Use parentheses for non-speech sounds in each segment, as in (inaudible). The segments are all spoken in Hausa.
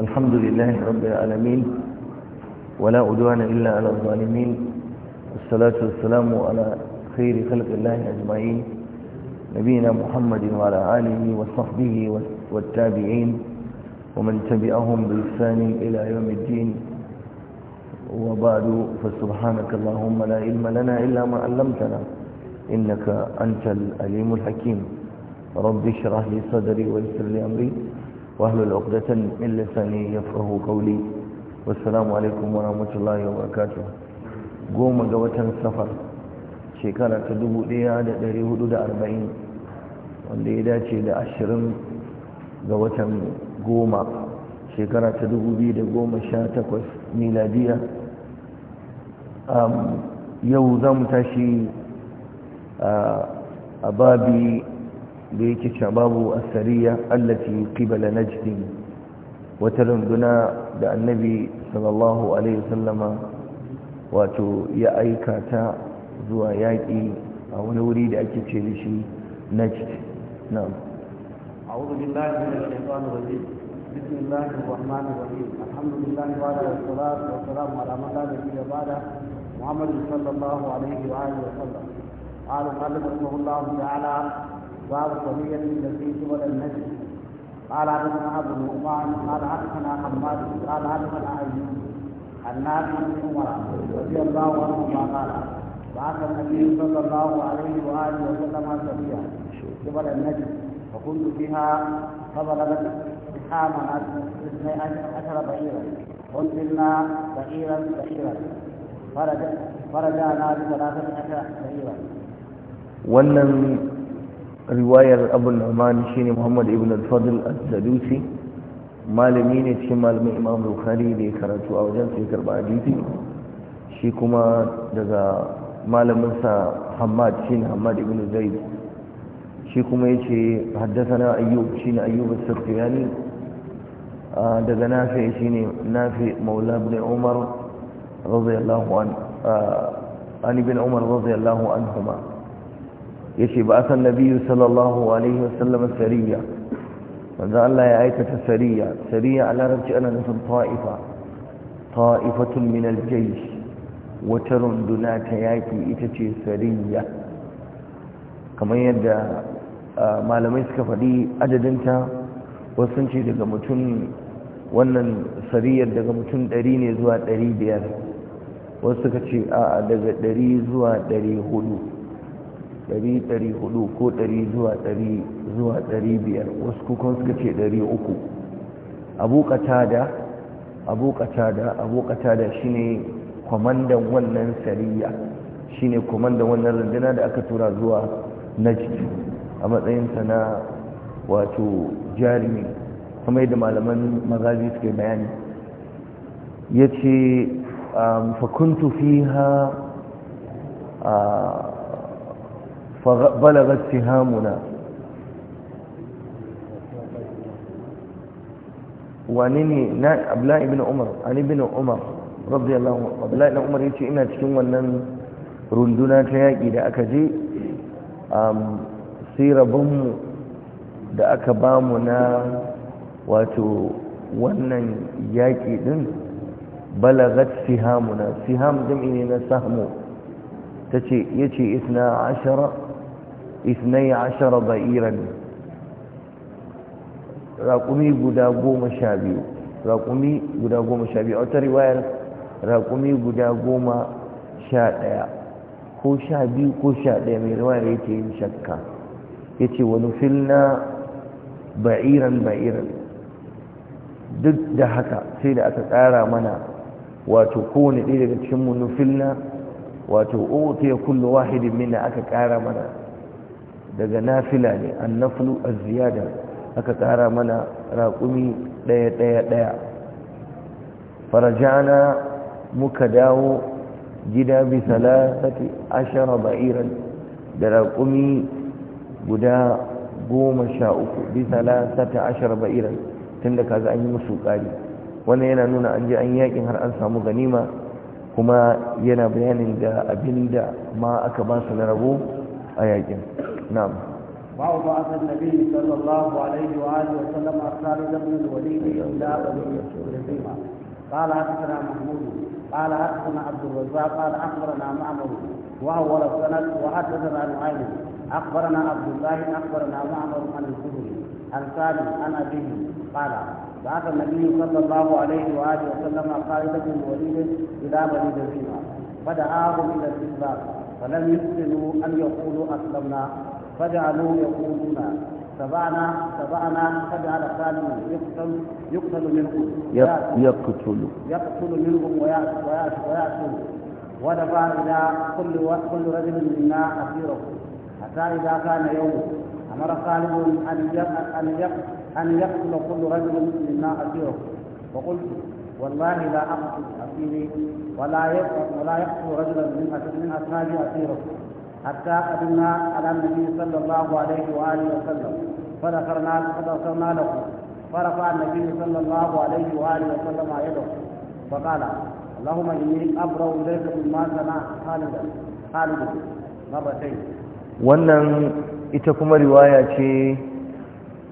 الحمد لله رب العالمين ولا عدوان إلا على الظالمين والصلاة والسلام على خير خلق الله أجمعين نبينا محمد وعلى آله وصحبه والتابعين ومن تبعهم بإحسان إلى يوم الدين وبعد فسبحانك اللهم لا علم لنا إلا ما علمتنا إنك أنت العليم الحكيم رب اشرح لي صدري ويسر لي أمري واحلل عقدة من لساني يفقه قولي والسلام عليكم ورحمة الله وبركاته goma ga watan safar shekara ta arba'in, wanda ya dace da 20 ga watan goma shekara ta 2018 miladiya yau za mu tashi a babi da yake cewa babu asariya allati qibala najdin wata runduna da annabi sallallahu alaihi wato ya aika ta zuwa yaƙi a wani wuri da ake ce da shi najd na'am a'udhu بسم الله الرحمن الرحيم الحمد لله وعلى الصلاة والسلام على من لا نبي بعده محمد صلى الله عليه وآله وسلم قال المؤلف رحمه الله تعالى باب الصبية التي تولد النجم قال حدثنا ابو النعمان قال حدثنا حماد قال حدثنا ايوب عن نافع بن عمر رضي الله عنهما قال بعث النبي صلى الله عليه واله وسلم صبية قبل النجم فكنت فيها فبلغت حاملت اثني عشر بعيرا قتلنا بعيرا بعيرا فرجعنا بثلاثة عشر بعيرا. والنبي riwayar abu al shine muhammad ibn al-fadl al-sadusi malami ne cikin malamin imam bukhari da ya karatu a wajen sai karba hadisi shi kuma daga malamin sa hamad shine hamad ibn zaid shi kuma yace haddathana ayyub shine ayyub as-sufyani daga nafi shine nafi maula ibn umar radiyallahu an an ibn umar radiyallahu anhuma yace ba nabiyu nabiyyu sallallahu alaihi wasallam sariya manzo Allah ya aikata sariya sariya a larabci ana nufin ta'ifa ta'ifatun min al wata runduna ta yaki ita ce sariya kamar yadda malamai suka faɗi adadinta wasu sun ce daga mutum wannan sariyar daga mutum ɗari ne zuwa ɗari biyar wasu suka ce a daga ɗari zuwa ɗari hudu ɗari ɗari hudu ko ɗari zuwa ɗari zuwa ɗari biyar wasu kukun suka ce ɗari uku abu katada abu katada abu shi shine kwamandan wannan sariya shine kwamandan wannan rundunar da aka tura zuwa na jiki a matsayinsa na wato jarumi kuma yadda malaman magazi suke bayani ya ce um, fakuntu fi ha uh, فبلغت سهامنا وانني abdullahi ibn umar an ibn umar radiyallahu anhu abdullahi ibn umar yace ina cikin wannan runduna ta yaki da aka je um sirabun da aka bamu na wato wannan yaki din balagat sihamuna siham jam'i ne na sahmu tace yace 12 اثني عشر بعيرا raƙumi guda goma sha biyu raƙumi guda goma sha biyu wata riwayar raƙumi guda goma sha ɗaya ko sha biyu ko sha ɗaya mai riwayar yake yin shakka ya wani filna ba'iran ba'iran duk da haka sai da aka ƙara mana wato ɗaya daga cikin nufilna wato otu ya kullu wahidin da aka ƙara mana daga nafila ne annaflu a ziyada aka kara mana raƙumi ɗaya ɗaya ɗaya farajana muka dawo gida bisa salasati ashara ba'iran da raƙumi guda goma sha uku ashara ba'iran tunda kaza an yi musu ƙari wannan yana nuna an je an yakin har an samu ganima kuma yana bayanin da abinda ma aka ba su na rabo a yakin na'am babu ba asan nabi sallallahu alaihi wa alihi wa sallam asali da bin walidi ila bani sulaiman قال حدثنا محمود قال حدثنا عبد الرزاق قال اخبرنا معمر واول السند وحدثنا نعيم اخبرنا عبد الله اخبرنا معمر عن الزهري عن سالم عن ابيه قال بعث النبي صلى الله عليه واله وسلم خالد بن الوليد الى بني دزيمه فدعاهم الى الاستسلام فلم يحسنوا أن يقولوا أسلمنا فجعلوا يقولون تبعنا تبعنا فجعل خالد يقتل يقتل منهم يقتل يقتل منهم ويأكل ودفع إلى كل كل رجل منا أسيره حتى إذا كان يوم أمر خالد أن أن يقتل كل رجل منا أسيره فقلت والله لا أقصد أسيري ولا يقصد ولا يقصد رجلا من من أصحابي أسيره حتى قدمنا على النبي صلى الله عليه وآله وسلم فذكرنا فذكرنا له فرفع النبي صلى الله عليه وآله وسلم يده فقال اللهم إني أبرأ إليك مما صنع خالدا خالدا مرتين wannan ita kuma riwaya ce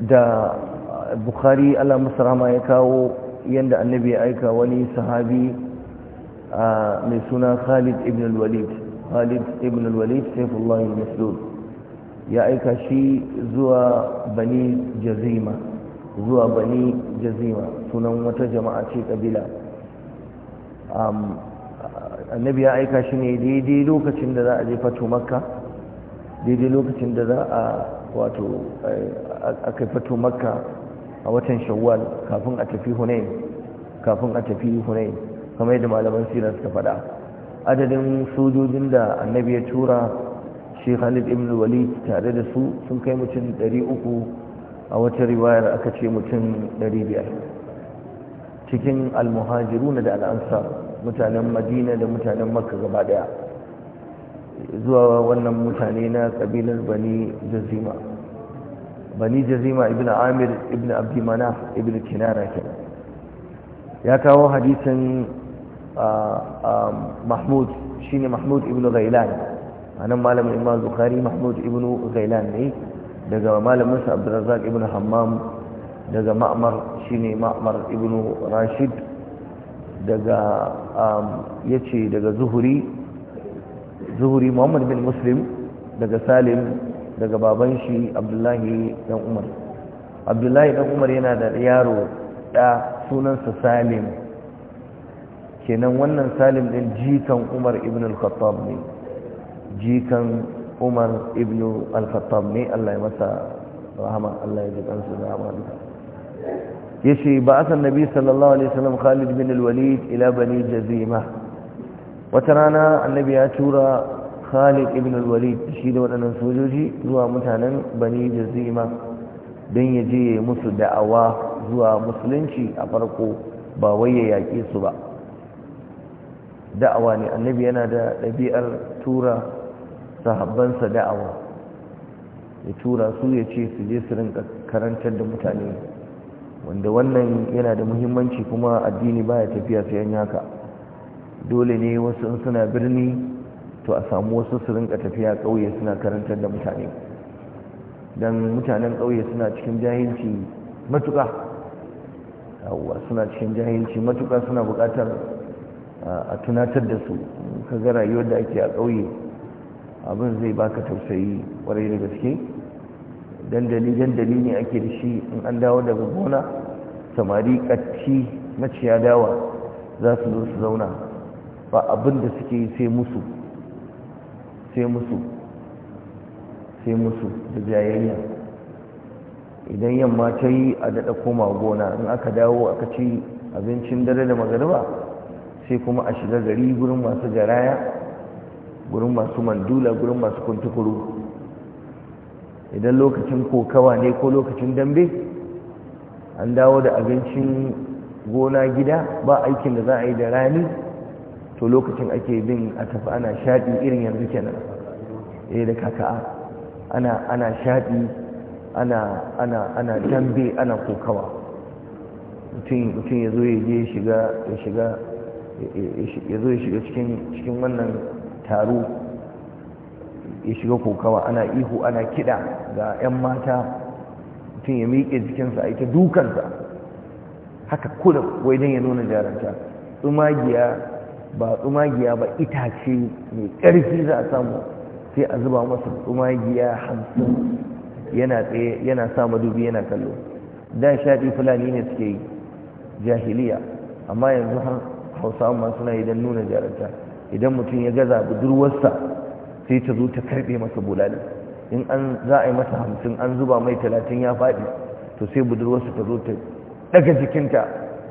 da bukhari allah musu ya kawo yadda annabi ya aika wani sahabi mai suna khalid ibn al-walid khalid ibn al-walid saifullah maslul ya aika shi zuwa bani jazima zuwa bani jazima sunan wata jama'a ce kabila annabi ya aika shi ne daidai lokacin da za a je fato makka daidai lokacin da za a wato aka fato makka a watan shawwal kafin a tafi hunain kafin a tafi hunain kamar yadda malaman sirar suka faɗa adadin sojojin da annabi ya tura shi khalid ibn walid tare da su sun kai mutum 300 a wata riwayar aka ce mutum 500 cikin na da al'ansa mutanen madina da mutanen makka gaba daya zuwa wannan mutane na kabilar bani jazima bani jazima ibn amir ibn abdi manaf ibn kinana ke ya kawo hadisin mahmud shine mahmud ibn ghailan anan malamin imam bukhari mahmud ibn ghailan ne daga malamin sa abdurrazzaq ibn hammam daga ma'mar shine ma'mar ibn rashid daga yace daga zuhuri zuhuri muhammad bin muslim daga salim daga baban shi abdullahi dan umar abdullahi dan umar yana da yaro da sunansa salim kenan wannan salim din jikan umar ibn al-khattab ne jikan umar ibn al-khattab ne Allah ya masa rahama Allah ya ji kansu da Ya yace ba asan nabi sallallahu alaihi wasallam Khalid bin al-Walid ila bani Jazima wata rana annabi ya tura khalid ibn al-walid shi da waɗannan sojoji zuwa mutanen bani jazima don ya je musu da'awa zuwa musulunci a farko ba wai ya yaƙe su ba da'awa ne annabi yana da ɗabi'ar tura sahabbansa da'awa ya tura su ya ce su je su rinka karantar da mutane wanda wannan yana da muhimmanci kuma addini baya tafiya sai an haka dole ne wasu suna birni to a samu wasu su rinka tafiya ƙauye suna karantar da mutane don mutanen ƙauye suna cikin jahilci matuƙa yawwa suna cikin jahilci matuƙa suna buƙatar a tunatar da su ka ga rayuwar da ake a ƙauye abin zai baka tausayi ƙwarai da gaske dandali dandali ne ake da shi in an dawo daga gona samari ƙacci maciya dawa za su zo su zauna ba abin da suke yi sai musu sai musu sai musu da jayayya idan yamma ta yi a daɗa koma gona in aka dawo aka ci abincin dare da magariba sai kuma a shiga gari gurin masu jaraya gurin masu mandula gurin masu kuntukuru idan lokacin kokawa ne ko lokacin dambe an dawo da abincin gona gida ba aikin da za a yi da rani to lokacin ake bin a tafi ana shaɗi irin yanzu kenan eh da kaka ana shaɗi ana ana ana dambe ana kokawa mutum ya zo ya je ya shiga ya zo ya shiga cikin wannan taro ya shiga kokawa ana ihu ana kiɗa ga 'yan mata mutum ya miƙe jikinsa a ita dukansa haka kuda wai ya nuna jaranta tsumagiya ba tsumagiya ba itace mai ƙarfi za a samu sai a zuba masa tsumagiya hamsin yana tsaye yana sa madubi yana kallo da shaɗi fulani ne suke yi jahiliya amma yanzu har hausa amma suna don nuna jaranta idan mutum ya gaza budurwarsa sai ta zo ta karɓe masa bulali in an za a yi masa hamsin an zuba mai talatin ya faɗi to sai budurwarsa ta zo ta ɗaga jikinta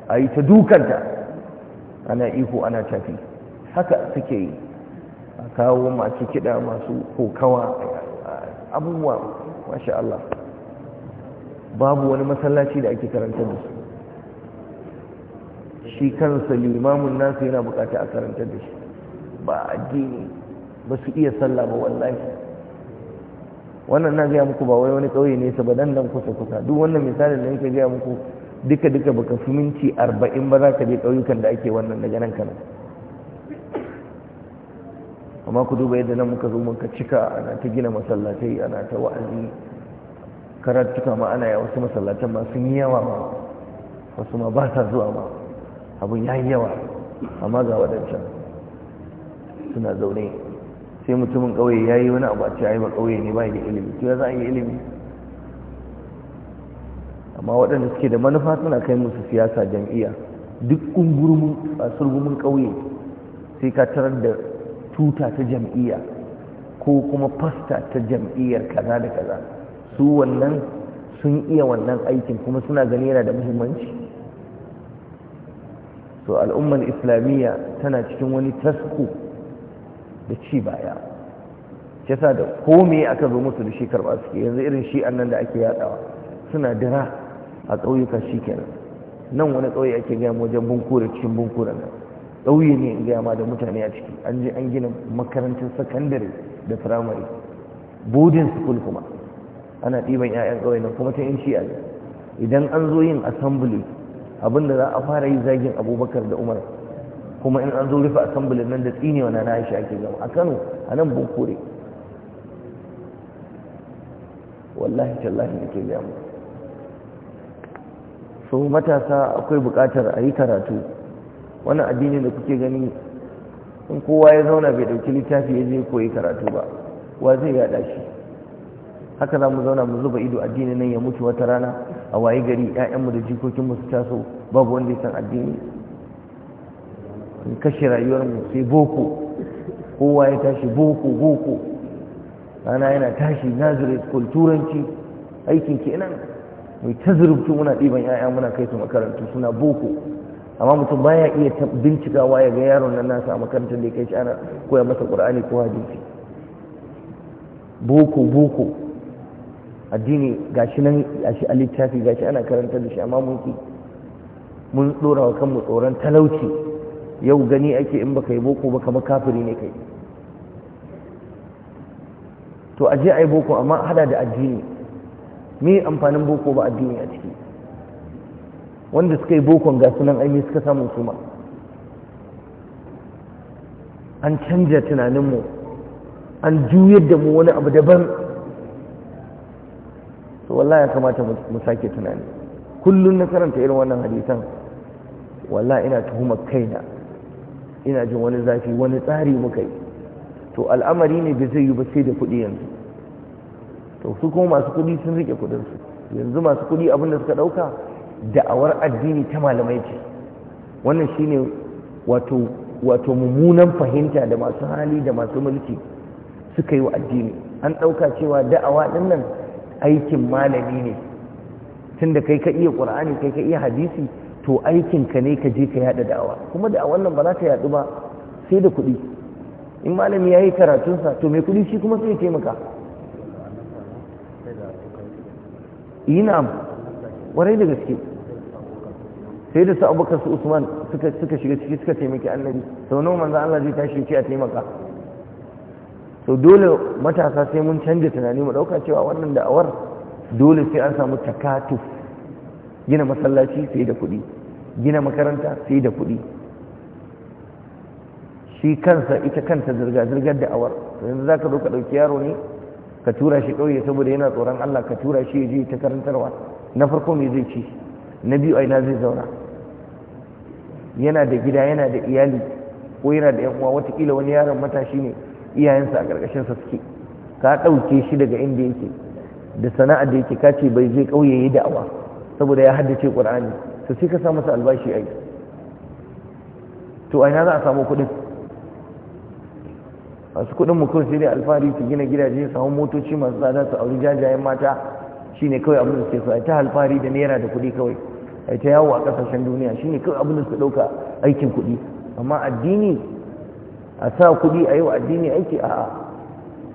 a yi ta dukanta ana ihu ana tafi haka suke yi a kawo masu kiɗa masu kokawa abubuwa mashi Allah babu wani masallaci da ake karanta da su shi kansa limamun nasu yana bukata a karanta da shi ba addini ba su iya sallah ba wallahi wannan na gaya muku ba wai wani ƙauye nesa ba dan nan kusa kusa duk wannan misalin da yake gaya muku duka duka baka fi minti arba'in ba za ka je ƙauyukan da ake wannan daga nan kanan amma ku duba yadda nan muka zo muka cika ana ta gina masallatai ana ta wa'azi karatuka ma ana ya wasu masallatan ma sun yi yawa ma wasu ma ba sa zuwa ma abin ya yi yawa amma ga waɗancan suna zaune sai mutumin ƙauye ya yi wani abu a ce yi ba ƙauye ne ba da ilimi to ya za a yi ilimi amma waɗanda suke da manufa suna kai musu siyasa jam'iyya duk a surgumin ƙauye sai ka tarar da tuta ta jam'iyya ko kuma fasta ta jam'iyyar kaza da kaza su wannan sun iya wannan aikin kuma suna gani yana da muhimmanci To al'ummar islamiyya tana cikin wani tasko da ci baya shi da kome aka zo musu da shi karɓa suke yanzu irin shi nan da ake yadawa suna dira a ƙauyuka shi kenan nan wani ƙauye ake gaya wajen bunkura cikin bunkura nan ƙauye ne in gaya ma da mutane a ciki an je an gina makarantar sakandare da firamare boarding school kuma ana ɗiban 'ya'yan ƙauye nan kuma ta yin shi ne idan an zo yin assembly abinda za a fara yi zagin abubakar da umar kuma in an zo rufe assembly nan da tsini wani na aisha ake gama a kano a nan bunkure wallahi tallahi da ke gaya so matasa akwai bukatar a yi karatu wani addini da kuke gani in kowa ya zauna bai ɗauki littafi ya je koyi karatu ba wa zai yada shi haka za mu zauna mu zuba ido addini nan ya mutu wata rana a waye gari 'ya'yanmu da jikokinmu su taso babu wanda ya san addini in kashe mu sai boko kowa ya tashi boko boko rana yana tashi nazare kulturanci turanci aikin kenan mai ta zurutu muna ɗiban 'ya'ya muna kai su makarantu suna boko amma mutum baya iya bincikawa ya ga yaron na nasa a makarantar da ya kai shi ana koya masa ƙur'ani ko hadisi boko boko addini gashi nan shi a littafi gashi ana karantar da shi amma mun ki mun ɗora wa kanmu tsoron talauci yau gani ake in baka yi boko ba kamar kafiri ne kai to a yi boko amma hada da addini me amfanin boko ba addini a ciki wanda suka yi bokon ga sunan aini suka samu kuma an canja tunaninmu an juyar da mu wani abu daban to wallahi ya kamata mu sake tunani kullum na karanta irin wannan hadisan wallahi ina tuhumar kaina ina jin wani zafi wani tsari muka yi to al'amari ne bai zai yi ba sai da kuɗi yanzu to su kuma masu kudi sun rike kudinsu yanzu masu kudi abin da suka dauka da'awar addini ta malamai ce wannan shine wato wato mummunan fahimta da masu hali da masu mulki suka yi wa addini an dauka cewa da'awa din nan aikin malami ne tunda kai ka iya qur'ani kai ka iya hadisi to aikin ka ne ka je ka yada da'awa kuma da nan ba za ta yadu ba sai da kudi in malami yayi karatunsa to mai kudi shi kuma sai ya taimaka yi warai da gaske sai da su abokan su usman suka shiga ciki suka taimaki annabi sau nawa manzan allah zai tashi ce a taimaka sau dole matasa sai mun canja tunani mu ɗauka cewa wannan da'awar dole sai an samu takatu gina masallaci sai da kuɗi gina makaranta sai da kuɗi shi kansa ita kanta zirga-zirgar da'awar yanzu za ka zo ka ɗauki yaro ne ka tura shi ƙauye saboda yana tsoron Allah ka tura shi ya je ta karantarwa na farko me zai ci na biyu aina zai zauna yana da gida yana da iyali ko yana da yan uwa watakila wani yaron matashi ne iyayensa a sa suke ka ɗauke shi daga inda yake da sana'ar da yake kace bai je ƙauye yi da'awa saboda ya haddace ƙur'ani to sai ka sa masa albashi ai to aina za a samu kuɗin masu kuɗin mu kawai sai alfahari su gina gidaje su hau motoci masu tsada su auri jajayen mata shine kawai abin da suke so a ta alfahari da naira da kuɗi kawai a ta yawo a kasashen duniya shine kawai abin da suka ɗauka aikin kuɗi amma addini a sa kuɗi a yi wa addini aiki a'a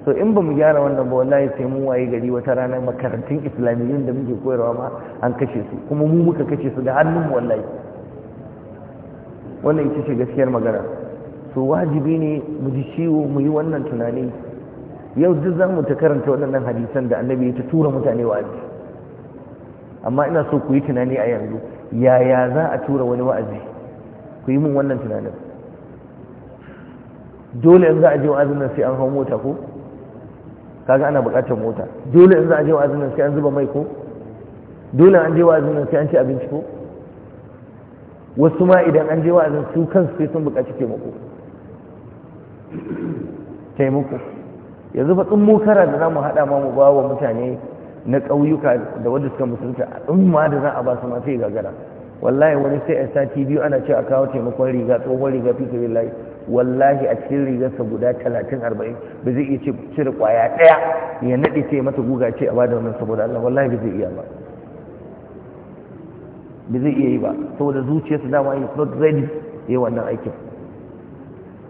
so in ba mu gyara wannan ba wallahi sai mu waye gari wata rana makarantun islamiyyun da muke koyarwa ma an kashe su kuma mu muka kashe su da hannun mu wallahi wannan ita ce gaskiyar magana to wajibi ne mu ji ciwo mu yi wannan tunani yau duk za mu ta karanta waɗannan hadisan da annabi ta tura mutane wa'azi amma ina so ku yi tunani a yanzu yaya za a tura wani wa'azi ku yi mun wannan tunanin dole in za a je wa'azin nan sai an hau mota ko kaga ana buƙatar mota dole in za a je wa'azin nan sai an zuba mai ko dole an je wa'azin nan sai an ci abinci ko wasu ma idan an je wa'azin su kansu sai sun buƙaci taimako taimako yanzu fa tsun kara da za mu haɗa ma mu bawa mutane na ƙauyuka da wadda suka musulunta a tsumma da za a ba su ma sai gagara wallahi wani sai a sati biyu ana ce a kawo taimakon riga tsohon riga fi sabilillahi wallahi a cikin rigarsa guda talatin arba'in ba zai iya cire kwaya ɗaya ya naɗe sai mata guga ce a bada wannan saboda Allah wallahi ba zai iya ba ba zai iya yi ba saboda zuciyarsa dama ya not ready ya yi wannan aikin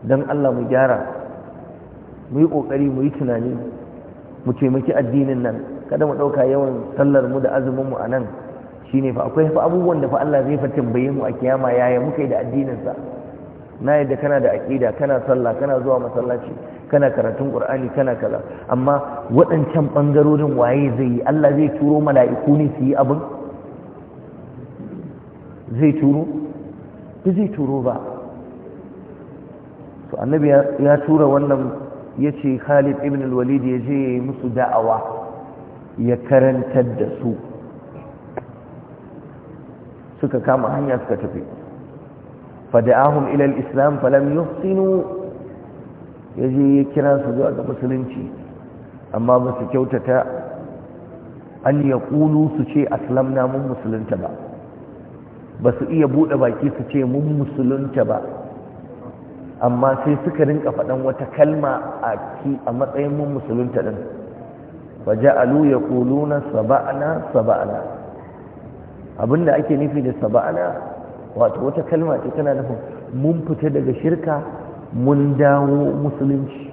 don Allah mu gyara mu yi ƙoƙari mu yi tunani mu taimaki addinin nan kada mu ɗauka yawan sallar mu da azumin mu a nan shine fa akwai fa abubuwan da fa Allah zai fa tambaye mu a kiyama yaya muka yi da addinin sa na yadda kana da aƙida kana sallah kana zuwa masallaci kana karatun ƙur'ani kana kaza amma waɗancan ɓangarorin waye zai yi Allah zai turo mala'iku ne su yi abin zai turo ba zai turo ba to annabi ya tura wannan ya ce khalid ibn al-walid ya je ya yi musu da'awa ya karantar da su suka kama hanya suka tafi fada'ahum ila al-islam falam yuhsinu ya je ya kira su zuwa ga musulunci amma ba su kyautata an ya ƙulu su ce aslamna mun musulunta ba ba su iya buɗe baki su ce mun musulunta ba amma sai suka rinka faɗan wata kalma a ki a matsayin mun musulunta din fa ja'alu yaquluna saba'ana saba'ana. abinda ake nufi da saba'ana, wato wata kalma ce tana nufin mun fita daga shirka mun dawo musulunci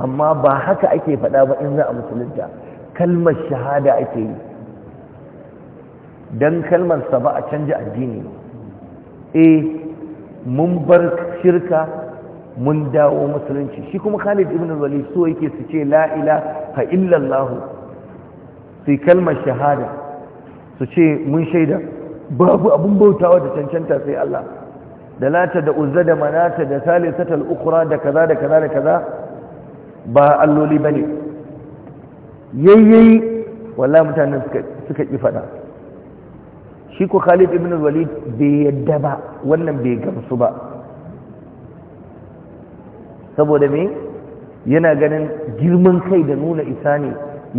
amma ba haka ake faɗa ba in za a musulunta kalmar shahada ake yi don kalmar saba'a a canja addini eh mun bar shirka mun dawo musulunci shi kuma Khalid ibn Walid so yake su ce la ilaha illallah sai kalmar shahada su ce mun shaida babu abun bautawa da cancanta sai Allah da lata da uzza da manata da salisatul ukhra da kaza da kaza da kaza ba alloli bane yayyayi wallahi mutanen suka suka ki fada shi ko Khalid ibn Walid bai yadda ba wannan bai gamsu ba saboda me yana ganin girman kai da nuna isa ne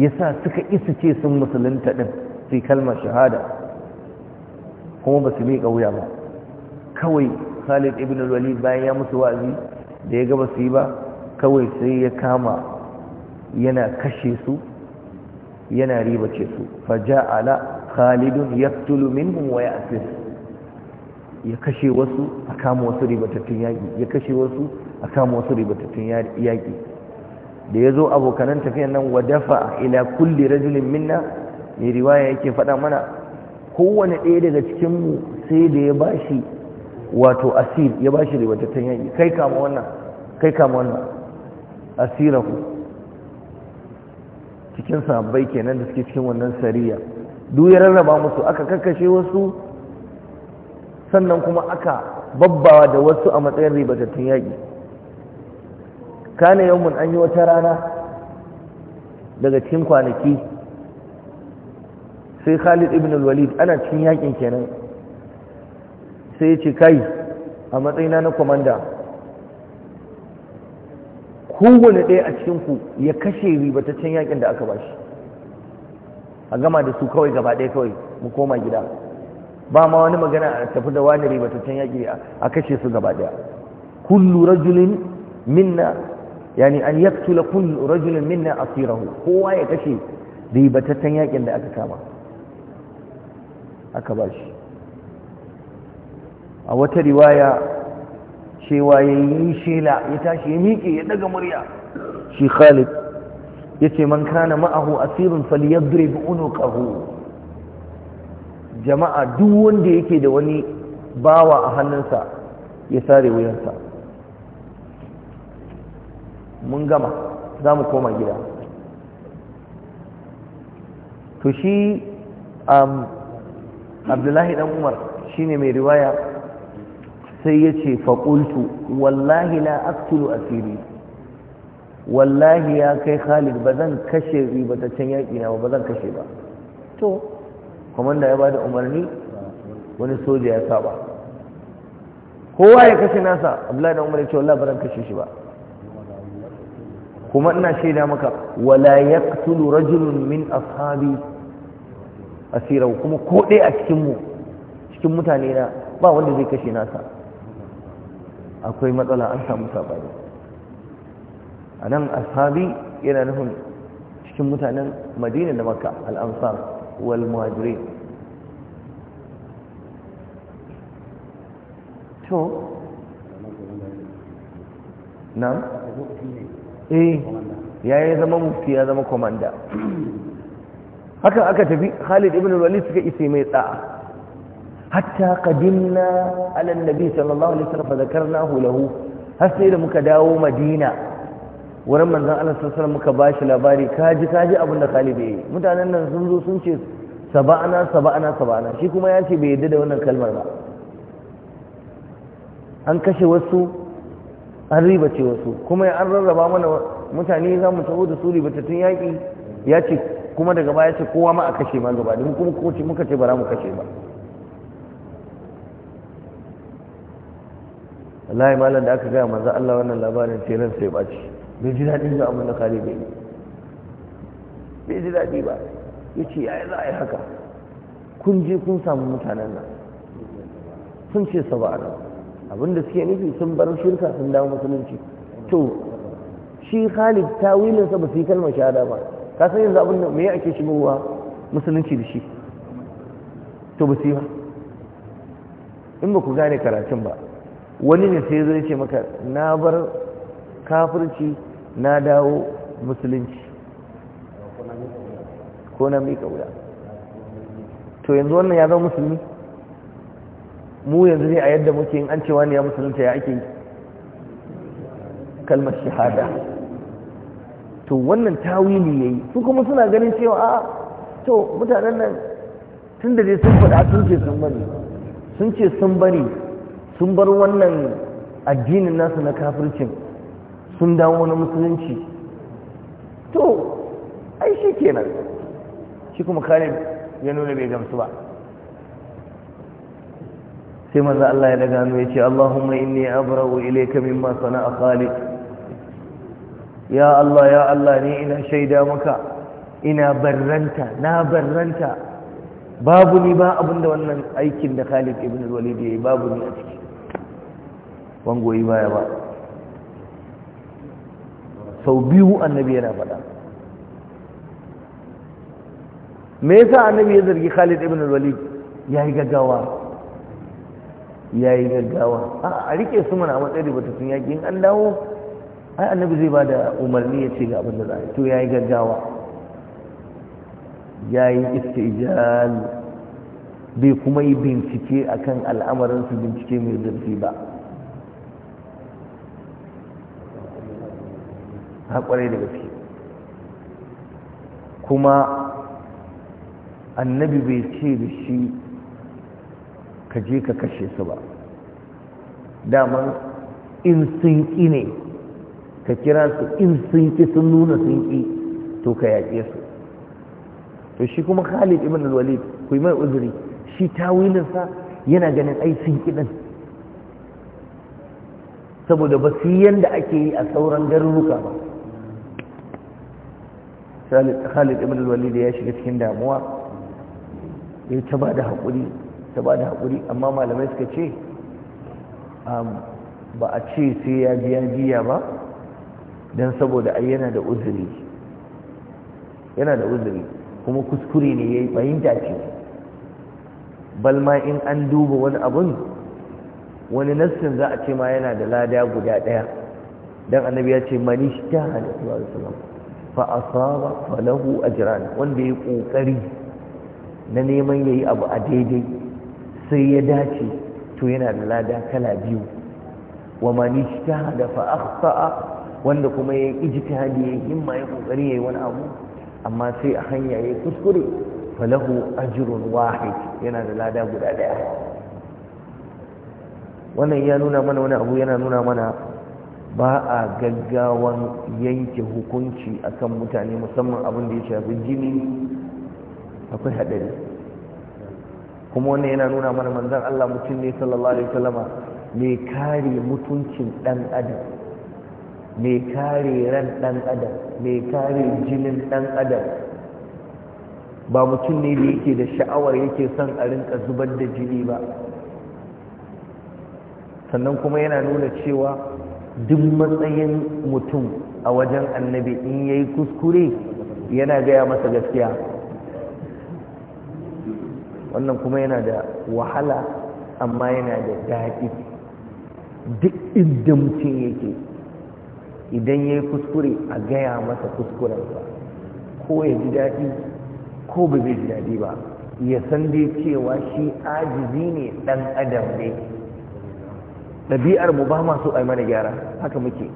ya sa suka isa ce sun musulunta ɗin sai kalmar shahada kuma ba su miƙa wuya ba kawai Khalid ibn al-Walid bayan ya musu wa'azi da ya gaba su yi ba kawai sai ya kama yana kashe su yana riba ce su ala Khalidun tulu min wa ya kashe wasu a kama wasu ribatattun yaƙi ya kashe wasu a kama wasu ribatattun yaƙi da ya zo abokanan tafiyan nan wa dafa ila kulli rajulin minna mai riwaya yake faɗa mana kowane ɗaya daga cikinmu sai da ya bashi wato asir ya bashi ribatattun yaƙi kai kama wannan kai kama wannan asirahu cikin sahabbai kenan da suke cikin wannan sariya duk ya rarraba musu aka kakkashe wasu sannan kuma aka babbawa da wasu a matsayin ribatattun yaƙi kana yawmun an yi wata rana daga cikin kwanaki sai Khalid ibn al-Walid ana cikin yakin kenan sai ya ce kai a matsayina na komanda kowane ɗaya a cikin ya kashe ribataccen yakin da aka bashi a gama da su kawai gaba ɗaya kawai mu koma gida ba ma wani magana a tafi da wani ribataccen yaki a kashe su gaba ɗaya kullu rajulin minna yani an yaktula kullu rajulin minna asirahu kowa ya kashe ribataccen yakin da aka kama aka ba shi a wata riwaya cewa ya yi shela ya tashi ya miƙe ya daga murya shi khalid ya ce man kana ma'ahu asirin faliyadri bi unuqahu jama'a duk wanda yake da wani bawa a hannunsa ya sare wuyansa mun gama za mu koma gida to shi um, abdullahi dan umar shine mai riwaya sai ya ce faƙultu wallahi na aktulu asiri wallahi ya kai khalid ba zan kashe ribataccen yaƙi na ba zan kashe ba to kwamanda ya ba da umarni wani soja ya saba kowa ya kashe nasa abdullahi dan umar ya ce wallahi ba zan kashe shi ba kuma ina shaida maka wala yaqtulu rajulun min ashabi sirau, kuma ko a cikinmu cikin mutane na ba wanda zai kashe nasa akwai matsala an samu sabani nan ashabi yana nufin cikin mutanen Madina da maka al wal Muhajirin to na eh yayi zama mufti ya zama komanda haka aka tafi Khalid ibn Walid suka ise mai tsa'a hatta qadimna ala annabi sallallahu alaihi wasallam fa zakarnahu lahu har sai da muka dawo Madina wurin manzon Allah sallallahu alaihi wasallam muka bashi labari kaji kaji abin da Khalid yayi mutanen nan sun zo sun ce saba'ana saba'ana saba'ana shi kuma ya ce bai yadda da wannan kalmar ba an kashe wasu an riba ce wasu kuma an rarraba mana mutane za mu taho da su ribatattun yaƙi ya ce kuma daga baya ce kowa ma a kashe ma gaba da kuma ko ce muka ce ba za mu kashe ba wallahi malam da aka gaya manzo Allah wannan labarin ce ran sai baci bai ji daɗi ga amma da kare bai bai ji daɗi ba ya ce yaya za a yi haka kun je kun samu mutanen nan sun ce saba'a abinda suke nufi sun bar shirka sun dawo musulunci to shi khalid tawilinsa ba su yi kalmar shahada ba ka san yanzu abin da me ake shigowa musulunci da shi to ba su yi ba in ba ku gane karatun ba wani ne sai zai ce maka na bar kafirci na dawo musulunci ko na miƙa wuya to yanzu wannan ya zama musulmi mu yanzu ne a yadda muke yin an cewa ne ya musulunta ya ake kalmar shahada to wannan tawili yayi su kuma suna ganin cewa a to mutanen nan tun da sun faɗa sun ce sun bari sun ce sun bari sun bar wannan addinin nasu na kafircin sun dawo na musulunci to ai shi kenan shi kuma kare ya nuna bai gamsu ba sai maza Allah ya daga hannu ya ce Allahumma inni abra'u ilayka mimma sana'a khaliq ya Allah ya Allah ni ina shaida maka ina barranta na barranta babu ni ba da wannan aikin da Khalid ibn al-Walid yayi babu ni a ciki wangoyi baya ba sau biyu annabi yana faɗa me yasa annabi ya zargi Khalid ibn al-Walid yayi gaggawa ya yi gaggawa a rike su mana a matsayin sun yaƙi in an dawo ai annabi zai ba da umarni ya ce ga abin da za a yi to ya yi gaggawa ya yi istijal bai kuma yi bincike a kan al'amuransu bincike mai zurfi ba haƙwarai da gaske kuma annabi bai ce da shi ka je ka kashe su ba daman in sun ne ka kira su in sun sun nuna sun ƙi to ka yaƙe su to shi kuma khalid ibn al-walid ku yi mai uzuri shi tawilinsa yana ganin ai sun ƙi saboda ba su yanda ake yi a sauran garuruka ba khalid ibn al-walid ya shiga cikin damuwa ya ta ba da haƙuri ta ba da haƙuri amma malamai suka ce ba a ce sai ya biya biya ba don saboda ai yana da uzuri yana da uzuri kuma kuskure ne ya yi fahimta ce balma in an duba wani abun wani nassin za a ce ma yana da lada guda ɗaya don annabi ya ce manishta halittu da sallam fa asaba falahu ajran wanda ya yi ƙoƙari na neman ya yi abu a daidai sai ya dace to yana da lada kala biyu wa mani shahada fa akhta wanda kuma ya ijtihadi ya himma ya kokari yayi wani abu amma sai a hanya ya kuskure falahu ajrun wahid yana da lada guda daya wannan ya nuna mana wani abu yana nuna mana ba a gaggawan yanke hukunci akan mutane musamman abin da ya shafi jini akwai haɗari kuma wannan yana nuna mana manzan Allah mutum ne sallallahu alaihi wasallama mai kare mutuncin dan adam mai kare ran dan adam mai kare jinin dan adam ba mutum ne da yake da sha'awar yake son a rinka zubar da jini ba sannan kuma yana nuna cewa duk matsayin mutum a wajen annabi in yayi kuskure yana gaya masa gaskiya wannan kuma yana da wahala amma yana da daɗi duk inda mutum yake idan ya yi kuskure a gaya masa kuskurensa ko ya ji daɗi ko ba zai ji daɗi ba ya san dai cewa shi ajizi ne ɗan adam ne ɗabi'ar mu ba masu a mana gyara haka muke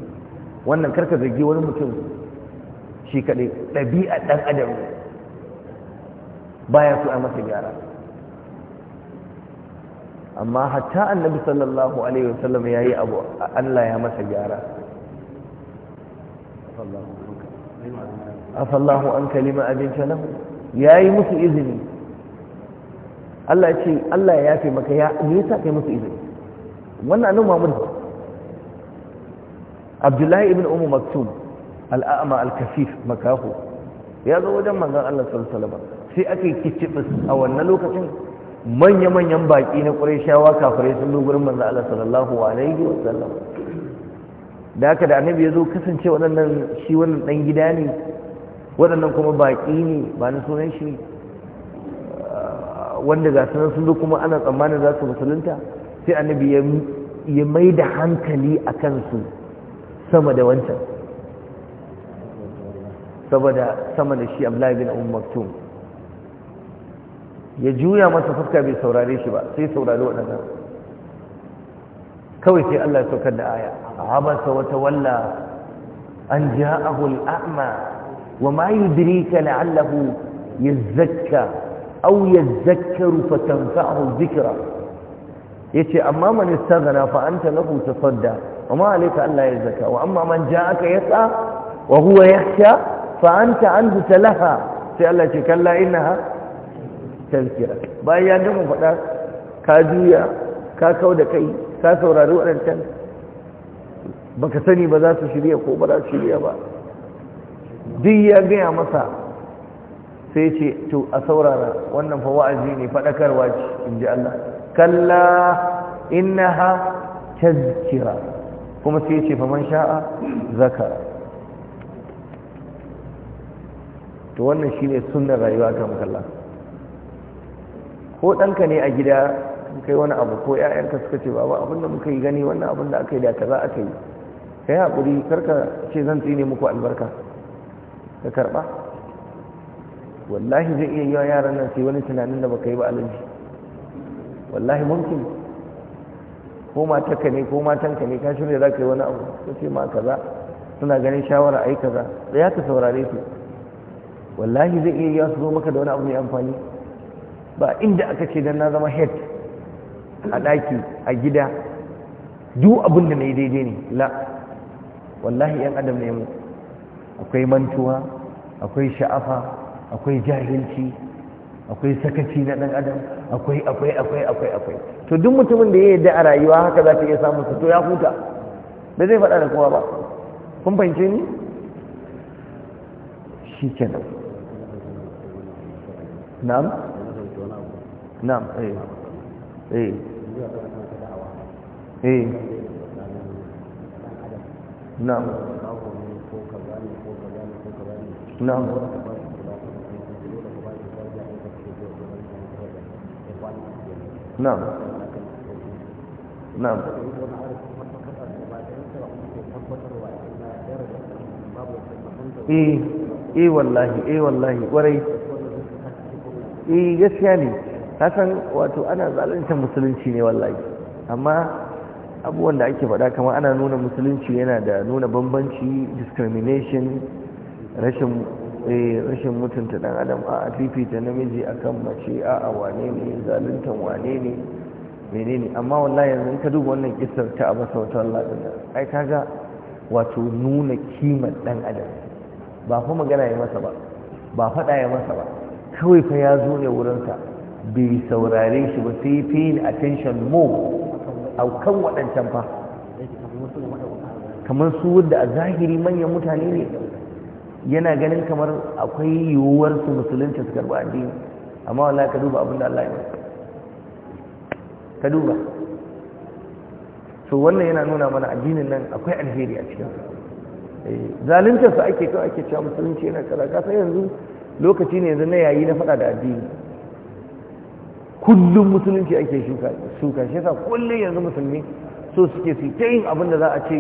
wannan karka zargi wani mutum shi kaɗai ɗabi'ar ɗan adam ne baya su a masa gyara amma hatta annabi sallallahu alaihi wasallam yayi abu Allah ya masa gyara afallahu an kalima abinta lahu yayi musu izini Allah ce Allah ya yafe maka ya me yasa kai musu izini wannan annabi Muhammad Abdullahi ibn Umm Maktum al-a'ma al-kafif makahu ya zo wajen manzon Allah sallallahu alaihi wasallam sai ake kicibis a wannan lokacin manya-manyan baƙi na shawa kafirai sun zo gurin manzo Allah sallallahu alaihi wa sallam da haka da annabi ya zo kasance waɗannan shi wannan ɗan gida ne waɗannan kuma baƙi ne ba na sunan shi ah, wanda ga sunan sun zo kuma ana tsammanin za su musulunta sai annabi ya mai da hankali a kansu sama da wancan saboda sama da shi abdullahi bin umar maktum يجويا ما تفكك بي سوراني شبا سي سورالو ننا كوي سي الله سوكن آية عبس وتولى أن جاءه الأعمى وما يدريك لعله يزكى أو يذكر فتنفعه الذكرى يتي أما من استغنى فأنت له تصدى وما عليك الله يزكى وأما من جاءك يسعى وهو يخشى فأنت عنه تلهى سي الله يتي كلا إنها tazkira bayan ya gama faɗa ka juya ka kau da kai ka saurari waɗancan baka sani ba za su shirya ko ba za su shirya ba duk ya gaya masa sai ce to a saurara wannan fa wa'azi ne faɗakarwa ce in ji Allah kalla innaha tazkira kuma sai ce faman sha'a zakara to wannan shine sunnar rayuwa ta kallon ko ɗanka ne a gida kai wani abu ko ‘ya'yanka suka ce baba abin da muka yi gani wannan abin da aka yi da a ka yi ka yi haƙuri karka ce zan tsine muku albarka ka karɓa wallahi zai iya yi wa yaran nan sai wani tunanin da baka yi ba alaji wallahi mumkin ko matanka ne ko matanka ne ka shirya za ka yi wani abu ko ce ma kaza suna ganin shawara a yi kaza da ya ka saurare su wallahi zai iya yi wa su zo maka da wani abu mai amfani ba inda aka ce don na zama head a ɗaki a gida duk abin da na yi daidai ne la wallahi yan adam ne mu akwai mantuwa akwai sha'afa akwai jahilci akwai sakaci na ɗan adam akwai akwai akwai akwai akwai to duk mutumin da ya yarda a rayuwa haka za ta iya samun su to ya huta ba zai faɗa da kowa ba kun fahimce ni shi kenan na'am e, eh eh eh na'am na'am na'am na'am eh eh wallahi eh wallahi kwarai eh gaskiya ne kasan wato ana zalunta musulunci ne wallahi amma abubuwan da ake faɗa kamar ana nuna musulunci yana da nuna bambanci discrimination rashin eh, rashin mutunta dan adam a ta namiji akan mace a wane ne zaluntan wane ne menene amma wallahi yanzu ka duba wannan kisar ta abu sautar ladin ai kaga wato nuna kimar dan adam ba fa magana ya masa ba ba faɗa ya masa ba kawai fa ya zo ne wurinsa bai saurare shi ba sai paying attention mo a kan waɗancan fa kamar su wadda a zahiri manyan mutane ne yana ganin kamar akwai yiwuwar su musulunci su karɓi addini amma wala ka duba abin da Allah ya ka duba so wannan yana nuna mana addinin nan akwai alheri a cikin eh, zalunta su ake kawai ake cewa musulunci yana kaza ka yanzu lokaci ne yanzu na yayi na faɗa da addini kullum musulunci ake shuka shuka shi yasa kullum yanzu musulmi so suke su ta yin abin da za a ce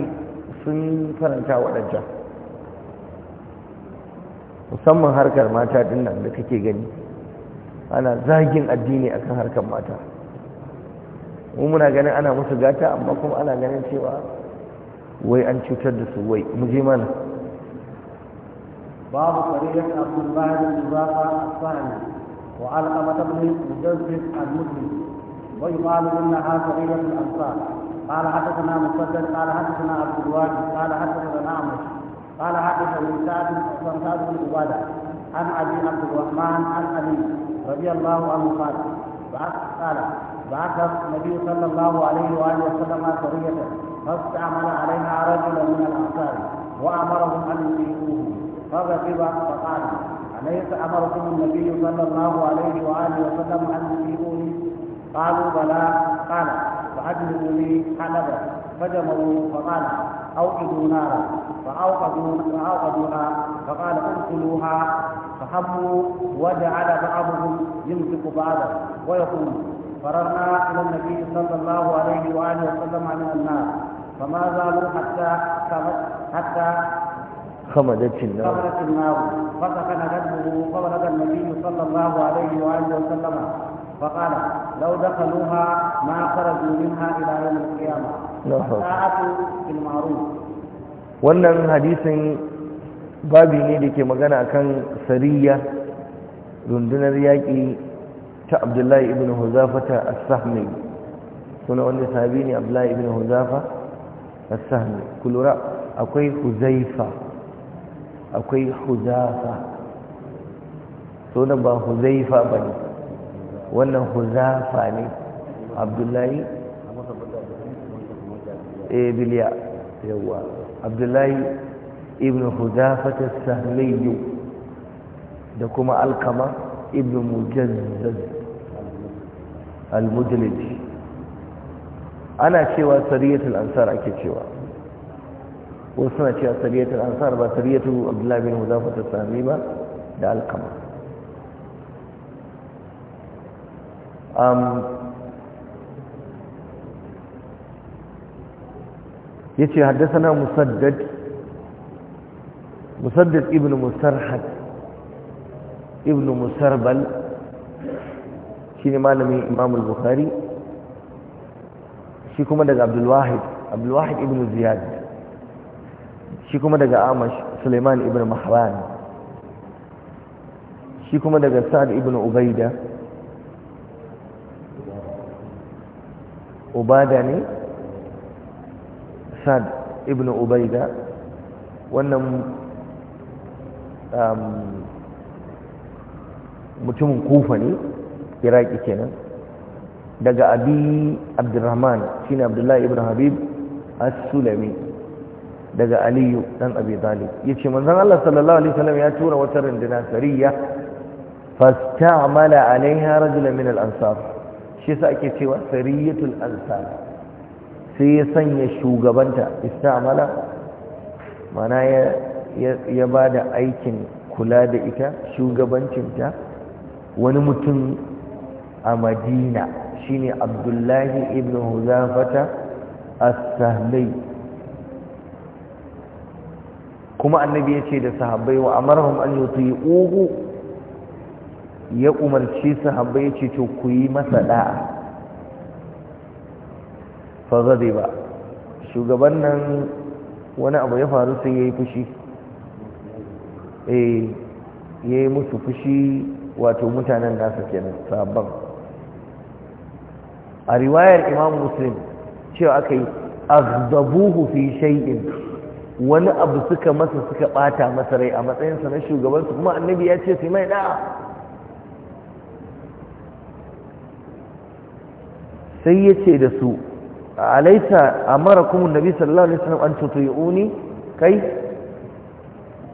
sun faranta waɗancan musamman harkar mata din nan da kake gani ana zagin addini akan harkar mata mu muna ganin ana musu gata amma kuma ana ganin cewa wai an cutar da su wai mu je mana babu farilan abdul bahar da zafa asani وعلقمة بن مجزز المسلم ويقال انها صغيرة الانصار قال حدثنا مسدد قال حدثنا عبد الواجد قال حدثنا نعمش قال حدثني سعد بن سعد بن عبادة عن ابي عبد الرحمن عن ابي رضي الله عنه قال قال بعث النبي صلى الله عليه واله وسلم سرية فاستعمل عليها رجلا من الانصار وامرهم ان يطيعوه فركب فقال أليس أمركم النبي صلى الله عليه وآله وسلم أن تجيبوني قالوا بلى قال فأجلبوا لي حلبة فجمروا فقال أوقدوا نارا فأوقدوها فقال ادخلوها فحبوا وجعل بعضهم يمسك بعضا ويقول فررنا إلى النبي صلى الله عليه وآله وسلم من النار فما زالوا حتى حتى خمدت خمدت النار فسخن قلبه فبلغ النبي صلى الله عليه واله وسلم فقال لو دخلوها ما خرجوا منها الى يوم القيامه الساعه بالمعروف wannan hadisin babi ne da ke magana kan sariya rundunar yaƙi ta abdullahi ibn huzafa ta as-sahmi suna wanda sahabi ne abdullahi ibn huzafa as-sahmi kulura akwai huzaifa akwai huzafa sunan ba huzaifa ba ne wannan huzafa ne abdullahi eh biliya yawa abdullahi ibn huzafa ta sahmiyu da kuma alkama ibn mujazzaz al-mujlid ana cewa sariyatul ansar ake cewa wasu suna cewa sariyatul ansar ba sariyatu abdullahi bin huzafa ta sami ba da alkama ya ce haddasa na musaddad musaddad ibn musarhad ibn musarbal shine malamin imam al-bukhari shi kuma daga abdul wahid ibn ziyad shi kuma daga amash suleiman ibn mahran shi kuma daga sa'ad ibn ubaida ubada ne sa'ad ibn ubaida wannan um, mutumin kufa ne iraki kenan daga abi abdurrahman shine abdullahi ibn habib as-sulami daga aliyu dan abi Ya yace manzon Allah sallallahu alaihi wasallam ya tura wata runduna sariya fastamala alaiha rajulan min al-ansar shi yasa ake cewa sariyatul ansar sai ya sanya shugabanta istamala mana ya ya bada aikin kula da ita shugabancinta wani mutum a madina shine abdullahi ibn huzafata as sahlai kuma annabi ya ce da sahabbai wa amarhum an yuti'uhu ya umarci sahabbai ya ce to ku yi masa da'a fa ba shugaban nan wani abu ya faru sai ya yi fushi eh yi musu fushi wato mutanen nasa kenan sahabban a riwayar imam muslim cewa aka yi azdabuhu fi shay'in wani abu suka masa suka bata masa rai a matsayinsa na shugabansu kuma annabi ya ce su mai da'a sai ya ce da su alaita a mara kuma nabi sallallahu alaihi wasallam an uni kai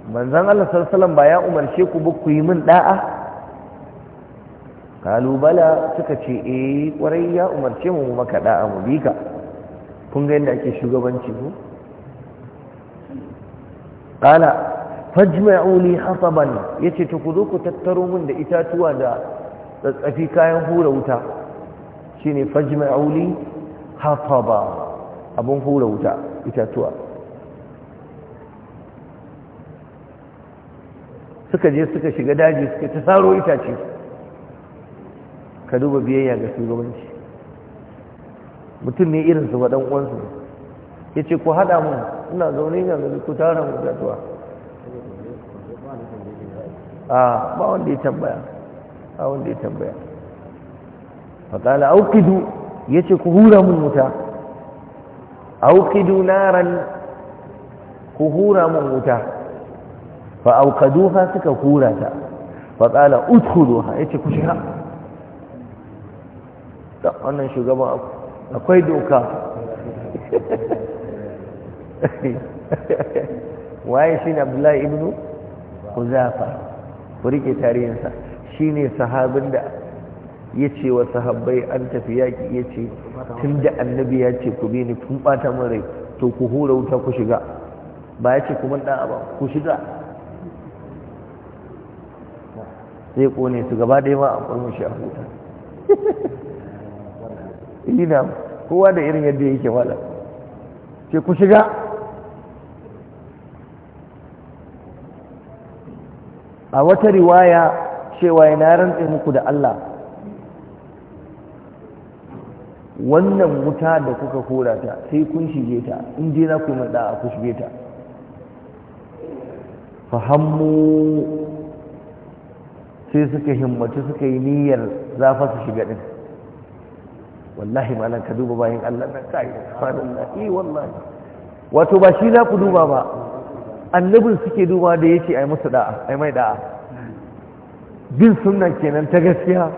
manzan Allah sallallahu alaihi ba ya umarce ku ba ku yi min da'a kalu bala suka ce eh kwarai ya umarce mu maka da'a mu bi ka kun ga yadda ake shugabanci ku qala fajma'u li hasaban yace to ku zo ku tattaro min da itatuwa da tsatsafi kayan hura wuta shine fajma'u li hasaba abun hura wuta itatuwa suka je suka shiga daji suka ta itace ka duba biyayya ga shugabanci mutum ne irin su dan uwansu ya ce ku haɗa mu ina zaune ne zaune ku tara mu gatuwa a ba wanda ya tambaya ba wanda ya tambaya faƙala aukidu ya ce ku hura mun wuta aukidu naran ku hura mun wuta fa aukaduha suka hura ta faƙala udkhuluha ya ce ku shiga wannan shugaban akwai doka (laughs) (laughs) waye shine abdullahi ibnu huzafa ku rike tarihinsa shine ne sahabin da ya ce wa sahabbai an tafi yaƙi ya ce tun da annabi ya ce ku bi ni kun ɓata min rai to ku hura wuta ku shiga ba ya ce kuma ɗan ba ku shiga sai ƙone su gaba dai ma a ƙwarmu shi a huta (laughs) ina kowa da irin yadda yake wala ce ku shiga a wata riwaya cewa yana rantse muku da Allah wannan wuta da kuka kora ta sai kun shige ta in je na ku da a ku shige ta fahammu sai suka himmatu suka yi niyyar za fa su shiga din wallahi malam ka duba bayan Allah nan kai subhanallah eh wallahi wato ba shi za ku duba ba annabin suke duba da yace yi masa da'a yi mai da'a bin sunan kenan ta gaskiya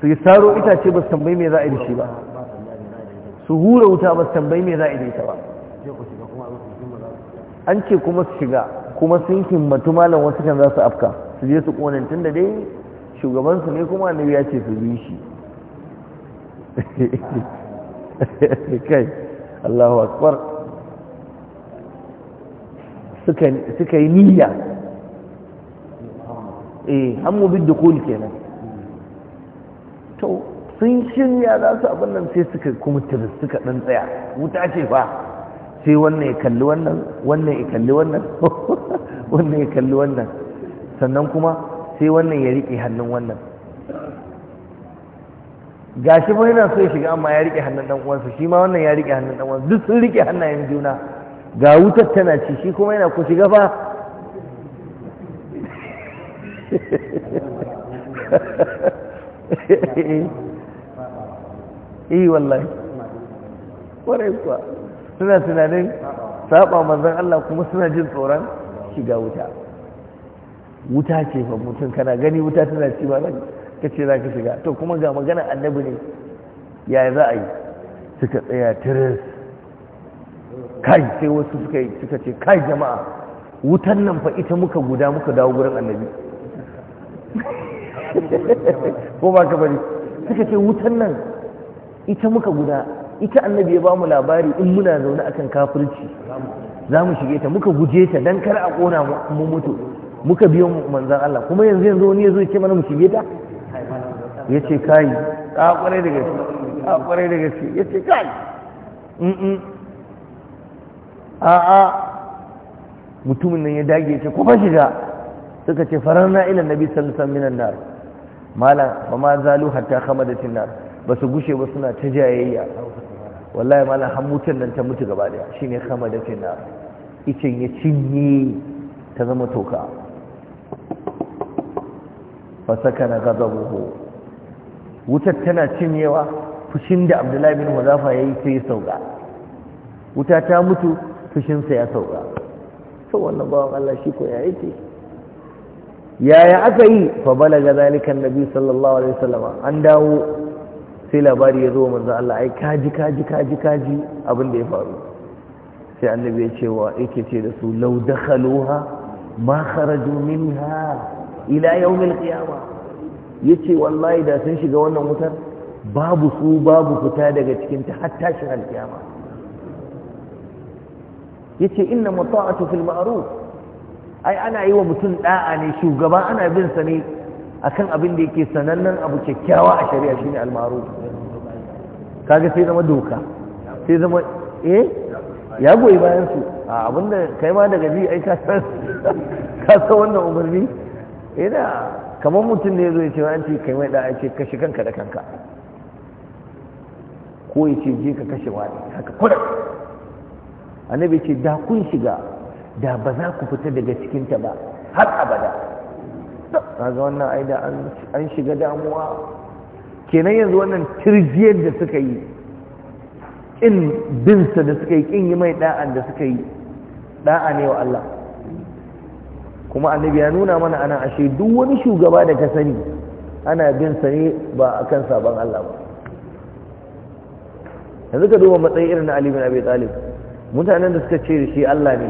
su yi saro itace ba su tambayi mai za'a da shi ba su hura wuta ba su tambayi mai za'a da ba an ce kuma su shiga kuma sun himmatu malam wasu kan za su afka su je su konin tun da dai shugabansu ne kuma annabi ya ce su bi shi (laughs) kai Allahu akbar suka yi niyya eh mu bid dukul kenan to sun ya za su abin nan sai suka kuma tiris suka dan tsaya wuta ce fa sai wannan ya kalli wannan wannan ya kalli wannan (laughs) wannan ya kalli wannan sannan kuma sai wannan ya riƙe hannun wannan gashi fa yana so ya shiga amma ya rike hannun dan uwansa shi ma wannan ya rike hannun dan uwansa duk sun rike hannayen juna ga wutar tana ci shi kuma yana ku shiga fa (laughs) eh wallahi kwarai kuwa suna tunanin saba manzon Allah kuma suna jin tsoron shiga wuta wuta ce fa mutum kana gani wuta tana ci ba zai ka ce za ka shiga to kuma ga magana annabi ne ya za a yi suka tsaya tiris kai sai wasu suka yi suka ce kai jama'a wutan nan fa ita muka guda muka dawo gurin annabi (laughs) ko ba ka bari suka ce wutan nan ita muka guda ita annabi ya ba mu labari in muna zaune akan kafirci za mu shige ta muka guje ta don kar a ƙona mu mutu muka biyo manzan Allah kuma yanzu yanzu wani ya zo ya ce mana mu shige ta ya ce kayi a kwarai da gaske a kwarai da gaske ya ce kayi mm a'a mutumin nan ya dage ce kuma shiga suka ce farar na ilan nabi sallallahu minan nar mala ba ma zalu hatta da nar ba su gushe ba suna ta jayayya wallahi mala hamutan nan ta mutu gaba daya shine da nar icin ya cinye ta zama toka fa sakana ghadabuhu wutar tana cinyewa fushin da abdullahi bin huzafa ya yi sai sauka wuta ta mutu fushinsa ya sauka to wannan bawan Allah shi ko ya ya yaya aka yi fa balaga zalikan nabi sallallahu alaihi wasallama an dawo sai labari ya zo manzo Allah ai kaji kaji kaji kaji abin da ya faru sai annabi ya ce wa yake ce da su law dakhaluha ma kharaju minha ila yawm al-qiyamah yace wallahi da sun shiga wannan wutar babu su babu fita daga cikin ta har tashin alkiyama yace inna mata'atu fil ma'aru? ai ana yi wa mutum da'a ne shugaba ana bin sa ne akan abin da yake sanannen abu kyakkyawa a shari'a shine al ma'ruf kaga sai zama doka sai zama eh ya goyi bayan su a da kai ma daga ji ai ka san (laughs) wannan umarni ina eh, kamar mutum ne zai ce an ce kai mai ɗaya ce kashe kanka da kanka ko ya ce je ka kashe wani haka kudan annabi ce da kun shiga da ba za ku fita daga cikinta ba har abada ga wannan aida an shiga damuwa kenan yanzu wannan tirjiyar da suka yi in binsa da suka yi kin yi mai da'an da suka yi da'a ne wa Allah kuma annabi ya nuna mana ana ashe duk wani shugaba da ka sani ana bin sa ne ba akan sabon Allah ba yanzu ka duba matsayin irin na Ali bin Abi Talib mutanen da suka ce da shi Allah ne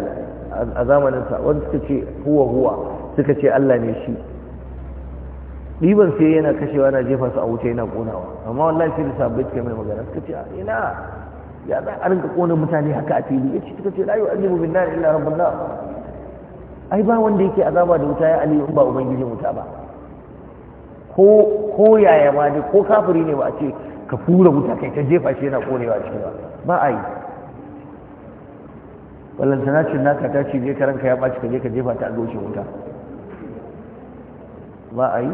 a zamanin sa wanda suka ce huwa huwa suka ce Allah ne shi Diban sai yana kashewa na jefa su a wuce yana konawa amma wallahi sai da sabbai suka mai magana suka ce ina ya za a rinka kona mutane haka a fili ya ce suka ce la yu'azibu bin nar illa rabbun nar ai ba wanda yake azaba da wuta ya aliyu ba ubangijin wuta ba ko ko yaya ma dai ko kafiri ne ba a ce ka fura wuta kai ta jefa shi yana korewa cikin ba ba ai yi tana ce naka ta ce je ranka ya baci ka je ka jefa ta a wuta ba ai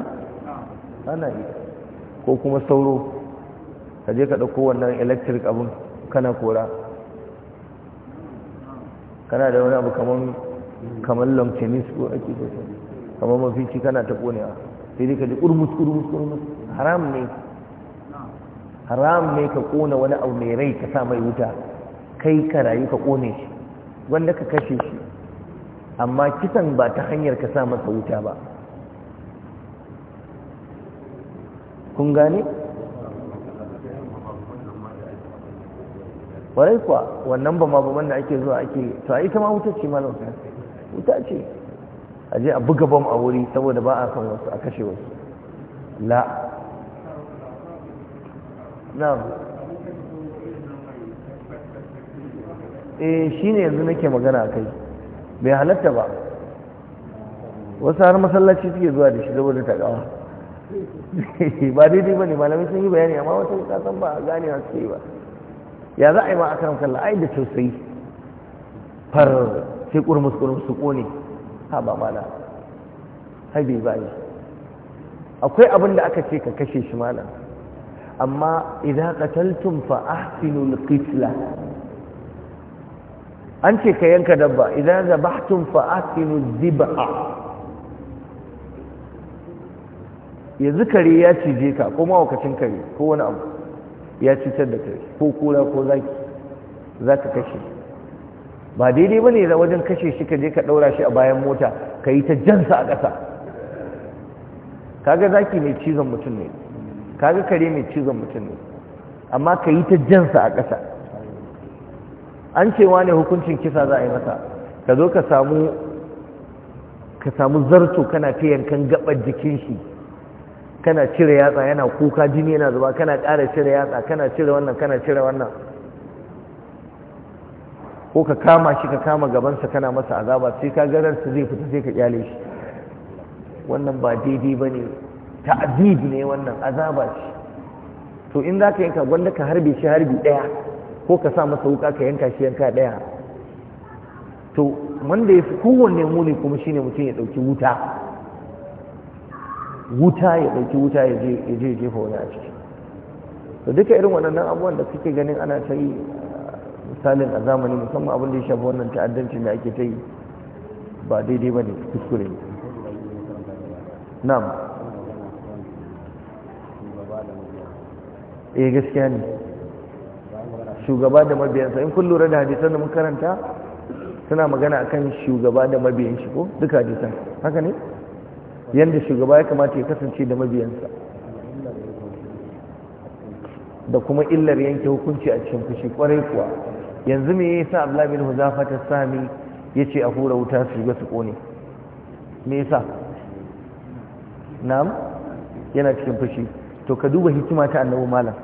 ana yi ko kuma sauro ka je ka ɗauko wannan electric abun kana kora kana da wani abu kamar kamar long tennis ko ake da su kamar mafici kana ta konewa sai dai ka ji kurmus kurmus kurmus haram ne haram ne ka kona wani abu mai rai ka sa mai wuta kai ka rayu ka kone shi wanda ka kashe shi amma kisan ba ta hanyar ka sa masa wuta ba kun gane kwarai kuwa wannan ba ma baman da ake zuwa ake to a ita ma wuta ce malam wuta ce a je a buga bam a wuri saboda ba a san wasu a kashe wasu la Na eh shi ne yanzu nake magana kai bai halatta ba wasu har masallaci suke zuwa da shi saboda takawa (laughs) ba daidai ba ne malamai sun yi bayani amma wata wasu kasan ba a wasu suke yi ba ya za a yi ma akaram kalla ai da tausayi far sai kurmus kurmus su kone ha ba mala ai bai bai akwai abin da aka ce ka kashe shi mala amma idan qataltum fa ahsinu al-qitla an ce ka yanka dabba idan zabahtum fa ahsinu al yanzu kare ya cije ka ko mawakacin kare ko wani abu ya cutar da kai ko kura ko zaki za ka kashe ba daidai ba ne da wajen kashe shi ka je ka ɗaura shi a bayan mota ka yi ta jansa a ƙasa kaga zaki mai cizon mutum ne kaga kare mai cizon mutum ne amma ka yi ta jansa a ƙasa an cewa ne hukuncin kisa za a yi masa ka zo ka samu ka samu zarto kana ta yankan gabar jikin shi kana cire yatsa yana kuka jini yana zuba kana kara cire yatsa kana cire wannan kana cire wannan ko ka kama shi ka kama gabansa kana masa azaba sai ka ransa zai fita sai ka kyale shi wannan ba daidai ba ne ta'adib ne wannan azaba shi to in za ka yanka gwanda ka harbe shi harbi ɗaya ko ka sa masa wuka ka yanka shi yanka ɗaya to wanda ya fi kowanne muni kuma shine mutum ya ɗauki wuta wuta ya ɗauki wuta ya je ya je jefa wani a ciki to duka irin waɗannan abubuwan da suke ganin ana ta yi misalin a zamani musamman abin da ya shafi wannan ta'addancin da ake ta yi ba daidai ba ne kuskure ne na'am eh gaskiya ne shugaba da mabiyansa in kun lura da hadisan da mun karanta suna magana akan shugaba da mabiyan shi ko duka hadisan haka ne yadda shugaba ya kamata ya kasance da mabiyansa da kuma illar yanke hukunci a cikin fushi kwarai kuwa yanzu me yasa Abdullah bin Huzafa ta sami yace a hura wuta su ga su kone me yasa na'am yana cikin fushi to ka duba hikima ta annabi malam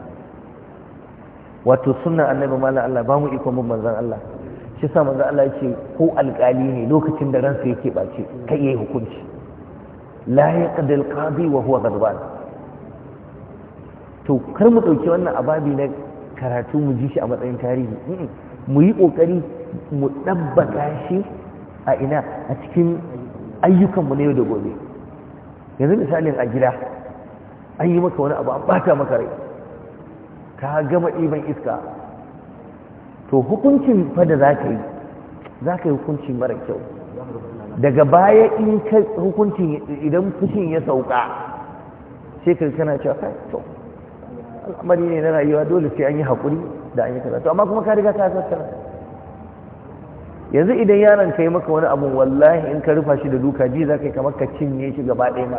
wato sunnan annabi malam Allah ba mu iko mun manzon Allah shi sa manzon Allah yake ko alƙali ne lokacin da ransa yake bace kai yayi hukunci لا يقد القاضي وهو wa to kar mu dauki wannan ababi na karatu mu ji shi a matsayin tarihi mu yi kokari mu dabbaka shi a ina a cikin ayyukan mu na yau da gobe yanzu misalin a gida an yi maka wani abu an bata maka rai ka gama ɗiban iska to hukuncin fa da za ka yi za yi hukunci mara kyau daga baya in ka hukuncin idan fushin ya sauka sai ka kana cewa kai to al'amari ne na rayuwa dole sai an yi haƙuri da an yi kaza to amma kuma ka riga ka tattara yanzu idan yaron ka yi maka wani abu wallahi in ka rufa shi da duka ji za ka yi kamar ka cinye shi gaba ɗaya ma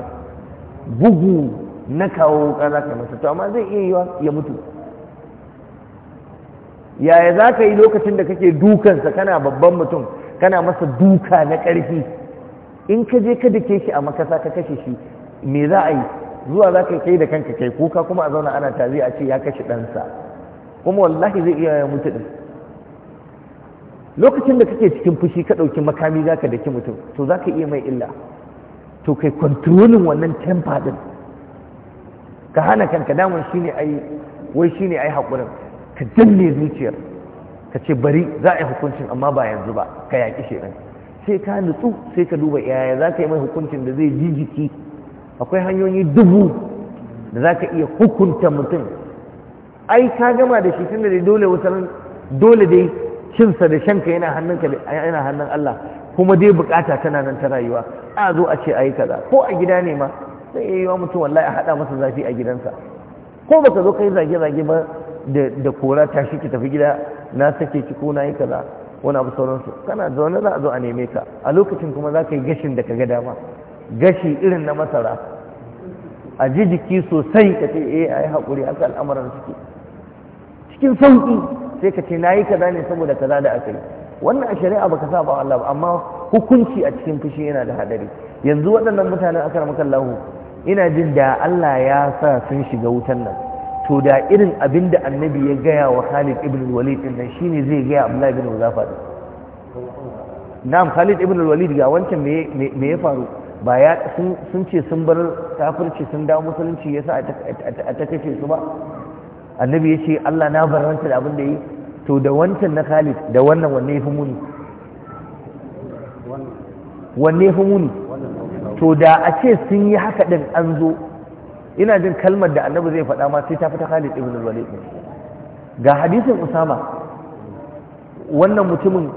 bugu na kawo wuka za ka yi masa to amma zai iya yiwa ya mutu yaya za ka yi lokacin da kake dukansa kana babban mutum kana masa duka na ƙarfi in ka je ka dake shi a makasa ka kashe shi me za a yi zuwa za ka kai da kanka kai kuka kuma a zauna ana tazi a ce ya kashe ɗansa kuma wallahi zai iya ya mutu ɗin lokacin da kake cikin fushi ka ɗauki makami za ka daki mutum to za ka iya mai illa to kai kwantrolin wannan tempa din. ka hana kanka damar shi ne yi wai shi ne yi haƙurin ka danne zuciyar ka ce bari za a yi hukuncin amma ba yanzu ba ka yaƙi shedan sai ka nutsu sai ka duba yaya za ka yi mai hukuncin da zai ji jiki akwai hanyoyi dubu da za ka iya hukunta mutum ai ka gama da shi tun da dole wata dole dai cinsa da shanka yana ka yana hannun Allah kuma dai bukata tana nan ta rayuwa a zo a ce ayi kaza ko a gida ne ma sai yayi wa mutum wallahi a hada masa zafi a gidansa ko baka zo kai zage zage ba da da kora tashi ki tafi gida na sake ki ko na yi kaza wani abu sauransu kana zaune za a zo a neme ka a lokacin kuma za ka yi gashin da ka ga dama gashi irin na masara a ji jiki sosai ka ce eh a yi haƙuri aka al'amuran suke cikin sauki sai ka ce na yi kaza ne saboda kaza da aka yi wannan a shari'a baka saba wa Allah ba amma hukunci a cikin fushi yana da haɗari yanzu waɗannan mutanen aka ina jin da Allah ya sa sun shiga wutan nan to da irin abin da annabi ya gaya wa Khalid ibn Walid in nan shine zai gaya Abdullah ibn Huzafa din na'am Khalid ibn Walid ga wancan me ya faru ba ya sun ce sun bar kafirci sun dawo musulunci yasa a ta kace su ba annabi ya ce Allah na barranta da abin da yi to da wancan na Khalid da wannan wanne ya fi muni wanne ya fi muni to da a ce sun yi haka din an zo ina jin kalmar da annabi zai faɗa ma sai ta fi ta Khalid ibn Walid ga hadisin Usama wannan mutumin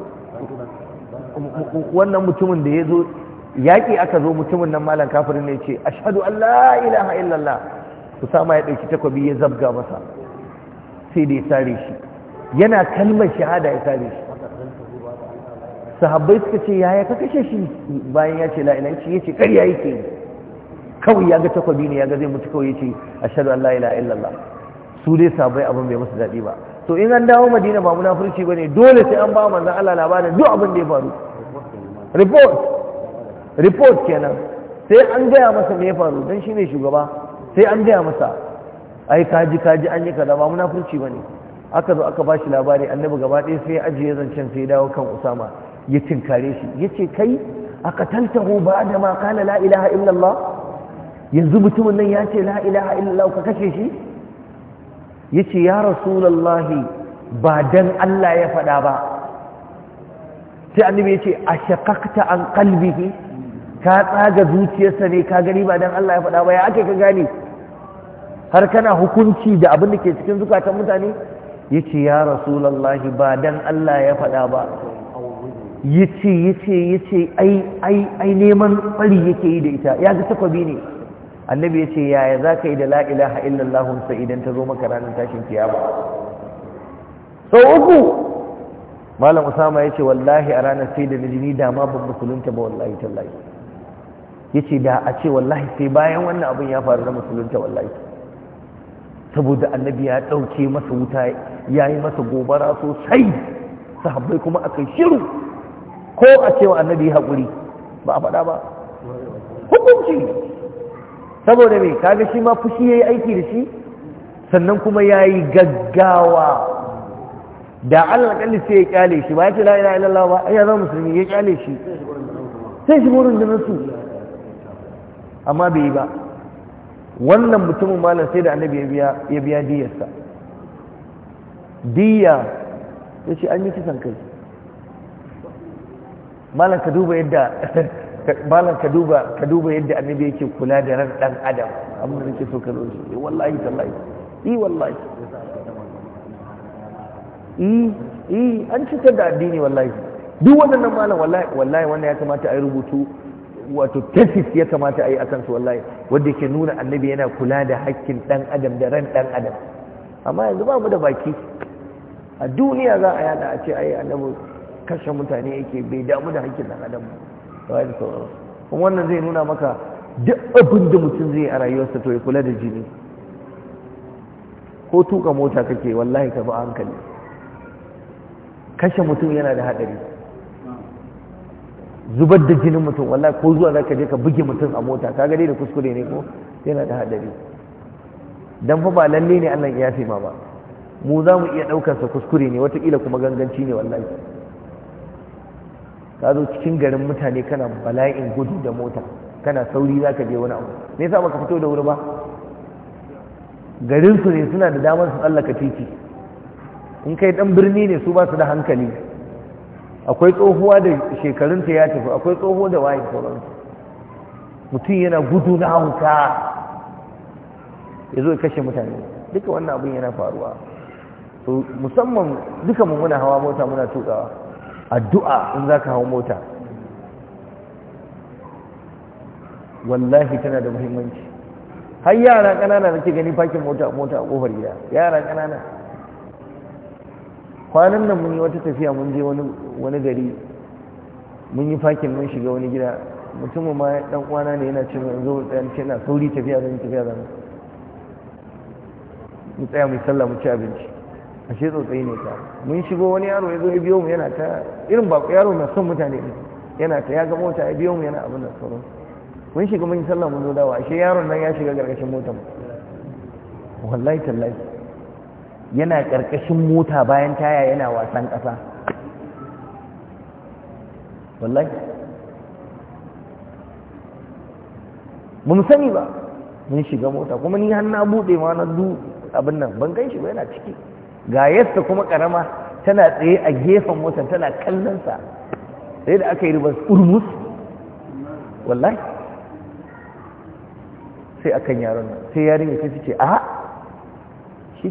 wannan mutumin da yazo yaki aka zo mutumin nan malam kafirin ne ce ashhadu an la ilaha illallah Usama ya ɗauki takwabi ya zabga masa sai da ya sare shi yana kalmar shahada ya sare shi sahabbai suka ce yaya ka kashe shi bayan ya ce la ilaha illallah yace kariya yake kawai ya ga takwabi ne ya ga zai mutu kawai ya ce ashhadu an la ilaha illallah su dai sabai abin bai musu daɗi ba to in an dawo madina ba munafurci ne dole sai an ba manzan Allah labarin duk abin da ya faru report report kenan sai an gaya masa me ya faru don shi ne shugaba sai an gaya masa ai kaji kaji an yi kaza ba munafurci bane aka zo aka ba shi labari annabi gaba ɗaya sai ya ajiye zancen sai ya dawo kan usama ya tinkare shi ya ce kai aka ba da ma kana la ilaha illallah yanzu mutumin nan ya ce la ilaha illallah ka kashe shi ce ya rasulullahi ba dan Allah ya faɗa ba sai annabi yace ashaqaqta an qalbihi ka tsaga zuciyarsa ne ka gani ba dan Allah ya faɗa ba ya ake ka gane har kana hukunci da abin da ke cikin zukatan mutane ce ya rasulullahi ba dan Allah ya faɗa ba yace ya yace ya ce ai neman ɓari yake yi da ita ya ga takwabi ne annabi ya ce yaya za ka yi da la'ilaha illallahun sa idan ta zo maka ranar tashin kiyama sau uku malam usama ya ce wallahi a ranar sai da jini da ma ban musulunta ba wallahi tallahi ya ce da a ce wallahi sai bayan wannan abin ya faru na musulunta wallahi saboda annabi ya ɗauke masa wuta ya yi masa gobara sosai sahabbai kuma aka shiru ko a cewa annabi haƙuri ba a faɗa ba hukunci saboda me kaga shi ma fushi yi aiki da shi sannan kuma ya yi gaggawa da Allah kalli sai ya kyale shi ba ya ce la'ina ilaha illallah ba ai ya zama musulmi ya kyale shi sai shi wurin da su amma bai yi ba wannan mutumin malam sai da annabi ya biya diyarsa diya ya ce an yi kisan kai malam ka duba yadda malam ka duba ka duba yadda annabi yake kula da ran dan adam abin da nake so ka zo shi eh, wallahi tallahi eh wallahi eh i eh, an cutar da addini wallahi duk wannan malam wallahi wallahi wannan ya kamata a yi rubutu wato tafis ya kamata a yi akan su wallahi wanda ke nuna annabi yana kula da hakkin dan adam da ran dan adam amma yanzu ba mu da baki a duniya za a yada a ce ai annabi kashe mutane yake bai damu da hakkin dan adam ba kawai da sauransu kuma wannan zai nuna maka duk abin da mutum zai a rayuwarsa to ya kula da jini ko tuka mota kake wallahi ka bi hankali kashe mutum yana da haɗari zubar da jinin mutum wallahi ko zuwa za ka je ka buge mutum a mota ka gani da kuskure ne ko yana da haɗari don fa ba lalle ne allah ya fi ma ba mu za mu iya ɗaukarsa kuskure ne watakila kuma ganganci ne wallahi ka zo cikin garin mutane kana bala'in gudu da mota kana sauri za ka je wani abu me yasa baka fito da wuri ba garin su ne suna da damar su tsallaka titi in kai dan birni ne su ba su da hankali akwai tsohuwa da shekarun ta ya tafi akwai tsoho da wayin sauran mutum yana gudu na hauka ya zo kashe mutane duka wannan abin yana faruwa musamman duka muna hawa mota muna tukawa addu'a in za ka hau mota wallahi tana da muhimmanci har yara ƙanana nake gani fakin mota a mota a ƙofar gida yara ƙanana kwanan nan mun yi wata tafiya mun je wani gari mun yi fakin mun shiga wani gida mutumin ma ɗan kwana ne yana cin zo ɗan ce na sauri tafiya zan tafiya zan mu tsaya mu sallah mu ci abinci ashe tsotsai ne ka mun shigo wani yaro ya zo ya biyo mu yana ta irin ba yaro na son mutane ne yana ta ya ga mota ya biyo mu yana abin da sauran mun shiga mun yi sallah mun zo dawa ashe yaron nan ya shiga karkashin mota mu wallahi tallahi yana karkashin mota bayan taya yana wasan kasa wallahi mun sani ba mun shiga mota kuma ni har na bude ma na du abin nan ban gan shi ba yana ciki ga yasta kuma karama tana tsaye a gefen motar tana kallon sa sai da aka yi ribar urmus wallahi sai akan yaron nan sai yarinya kai ce a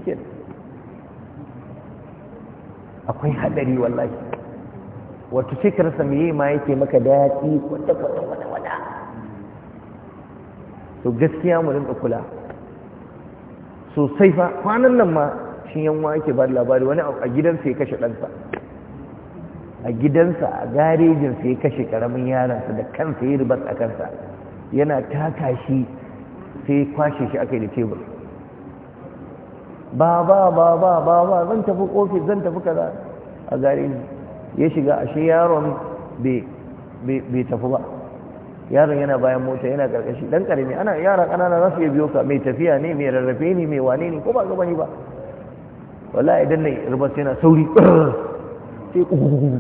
ke akwai hadari wallahi wato shekarsa samiye ma yake maka daɗi kwata wata wata, to gaskiya mu rinka kula sosai fa kwanan nan ma cikin yanwa ake ba da labari wani a gidansa ya kashe ɗansa a gidansa a garejinsa ya kashe ƙaramin yaransa da kansa ya ribas a kansa yana taka shi sai kwashe shi aka yi da tebur ba ba ba ba ba ba zan tafi ofis zan tafi kaza a gareji ya shiga ashe yaron bai tafi ba yaron yana bayan mota yana karkashi dan karami ana yaran kanana za su iya biyo ka mai tafiya ne mai rarrafe ne mai wane ne ko ba gaba ne ba Wala idan ne rubar sai yana sauri sai kugugugu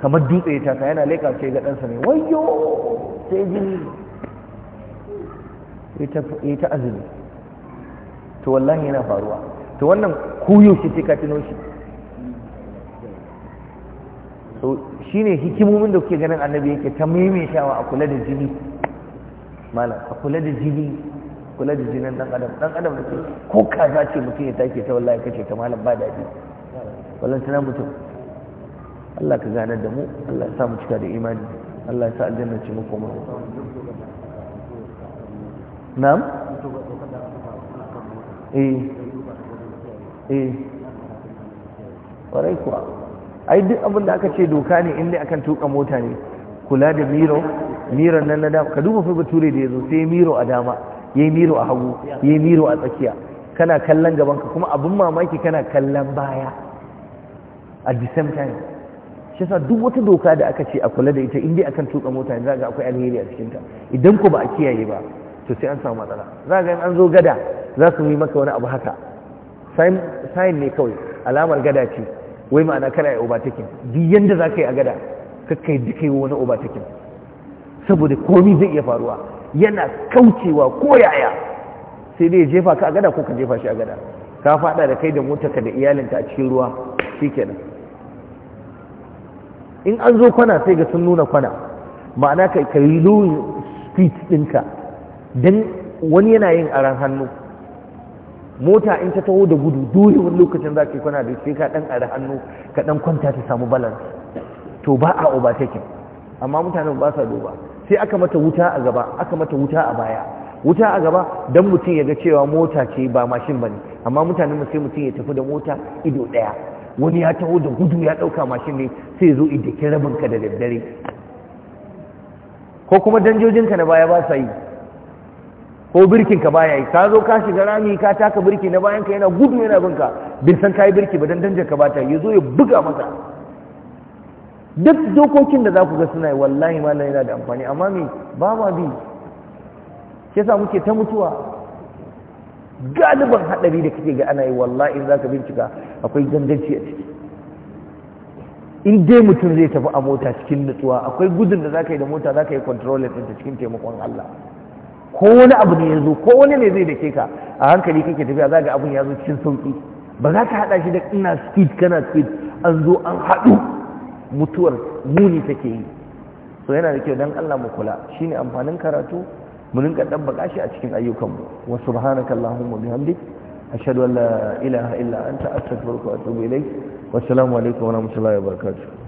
kamar dutse ya taka yana laika sai ga ɗansa ne wayo sai jini ya ta azumi to wallahi yana faruwa to wannan kuyo shi sai ka tuno shi so shine hikimomin da kuke ganin annabi yake ta maimaitawa a kula da jini malam a kula da jini kula da jinin dan adam dan adam ne ko kaza ce mutum ya take ta wallahi kace ta malam ba dadi wallahi tana mutum Allah ka gane da mu Allah ya sa mu cika da imani Allah ya sa aljanna muku mu koma na'am eh eh kwarai kuwa ai duk abin da aka ce doka ne inda akan tuka mota ne kula da miro miro nan na dama ka duba fi bature da ya zo sai miro a dama yayi miro a hagu yayi miro a tsakiya kana kallon gaban ka kuma abin mamaki kana kallon baya A the same time shi yasa duk wata doka da aka ce a kula da ita indai akan tuka mota za ga akwai alheri a cikin ta idan ko ba a kiyaye ba to sai an samu matsala za ga an zo gada za su yi maka wani abu haka sign ne kawai alamar gada ce wai ma'ana kana yi overtaking duk yanda za ka yi a gada kakkai duka yi wani overtaking saboda komi zai iya faruwa yana kaucewa ko yaya sai dai jefa ka a gada ko ka jefa shi a gada ka fada da kai da motarka da iyalinka a cikin ruwa shikenan in an zo kwana sai ga sun nuna kwana ma'ana ka kai low speed ɗinka don wani yana yin aran hannu mota in ta taho da gudu dole wani lokacin za ka yi kwana da sai ka ɗan aran hannu ka ɗan kwanta ta samu balance to ba a overtaking amma mutane ba sa duba sai aka mata wuta a gaba aka mata wuta a baya wuta a gaba don mutum ya ga cewa mota ce ba mashin bane ne amma mutane mu sai mutum ya tafi da mota ido daya wani ya taho da gudu ya dauka mashin ne sai zo rabin ka da daddare ko kuma ka na baya ba sa yi ko birkin ka baya yi ka zo ka shiga rami ka taka birki na bayan ka yana gudu yana binka bin san kai birki ba dan danjar ka ta yazo ya buga maka duk dokokin da za ku ga suna yi wallahi malam yana da amfani amma mai ba ma bi ke sa muke ta mutuwa galiban haɗari da kake ga ana yi wallahi za ka bincika akwai ganganci a ciki in dai mutum zai tafi a mota cikin nutsuwa akwai gudun da za ka yi da mota za ka yi controller ta cikin taimakon Allah ko wani abu ne ya zo ko wani ne zai dake ka a hankali kake tafiya za ga abin ya zo cikin sauƙi ba za ka haɗa shi da ina speed kana speed an zo an haɗu mutuwar muni take yi so yana da kyau don Allah mu kula ne amfanin karatu mu rinka baka shi a cikin ayyukanmu wa subhanaka allahumma bihamdik ashhadu an la ilaha illa anta astaghfiruka wa atubu ilaik wassalamu alaikum wa rahmatullahi wa barakatuh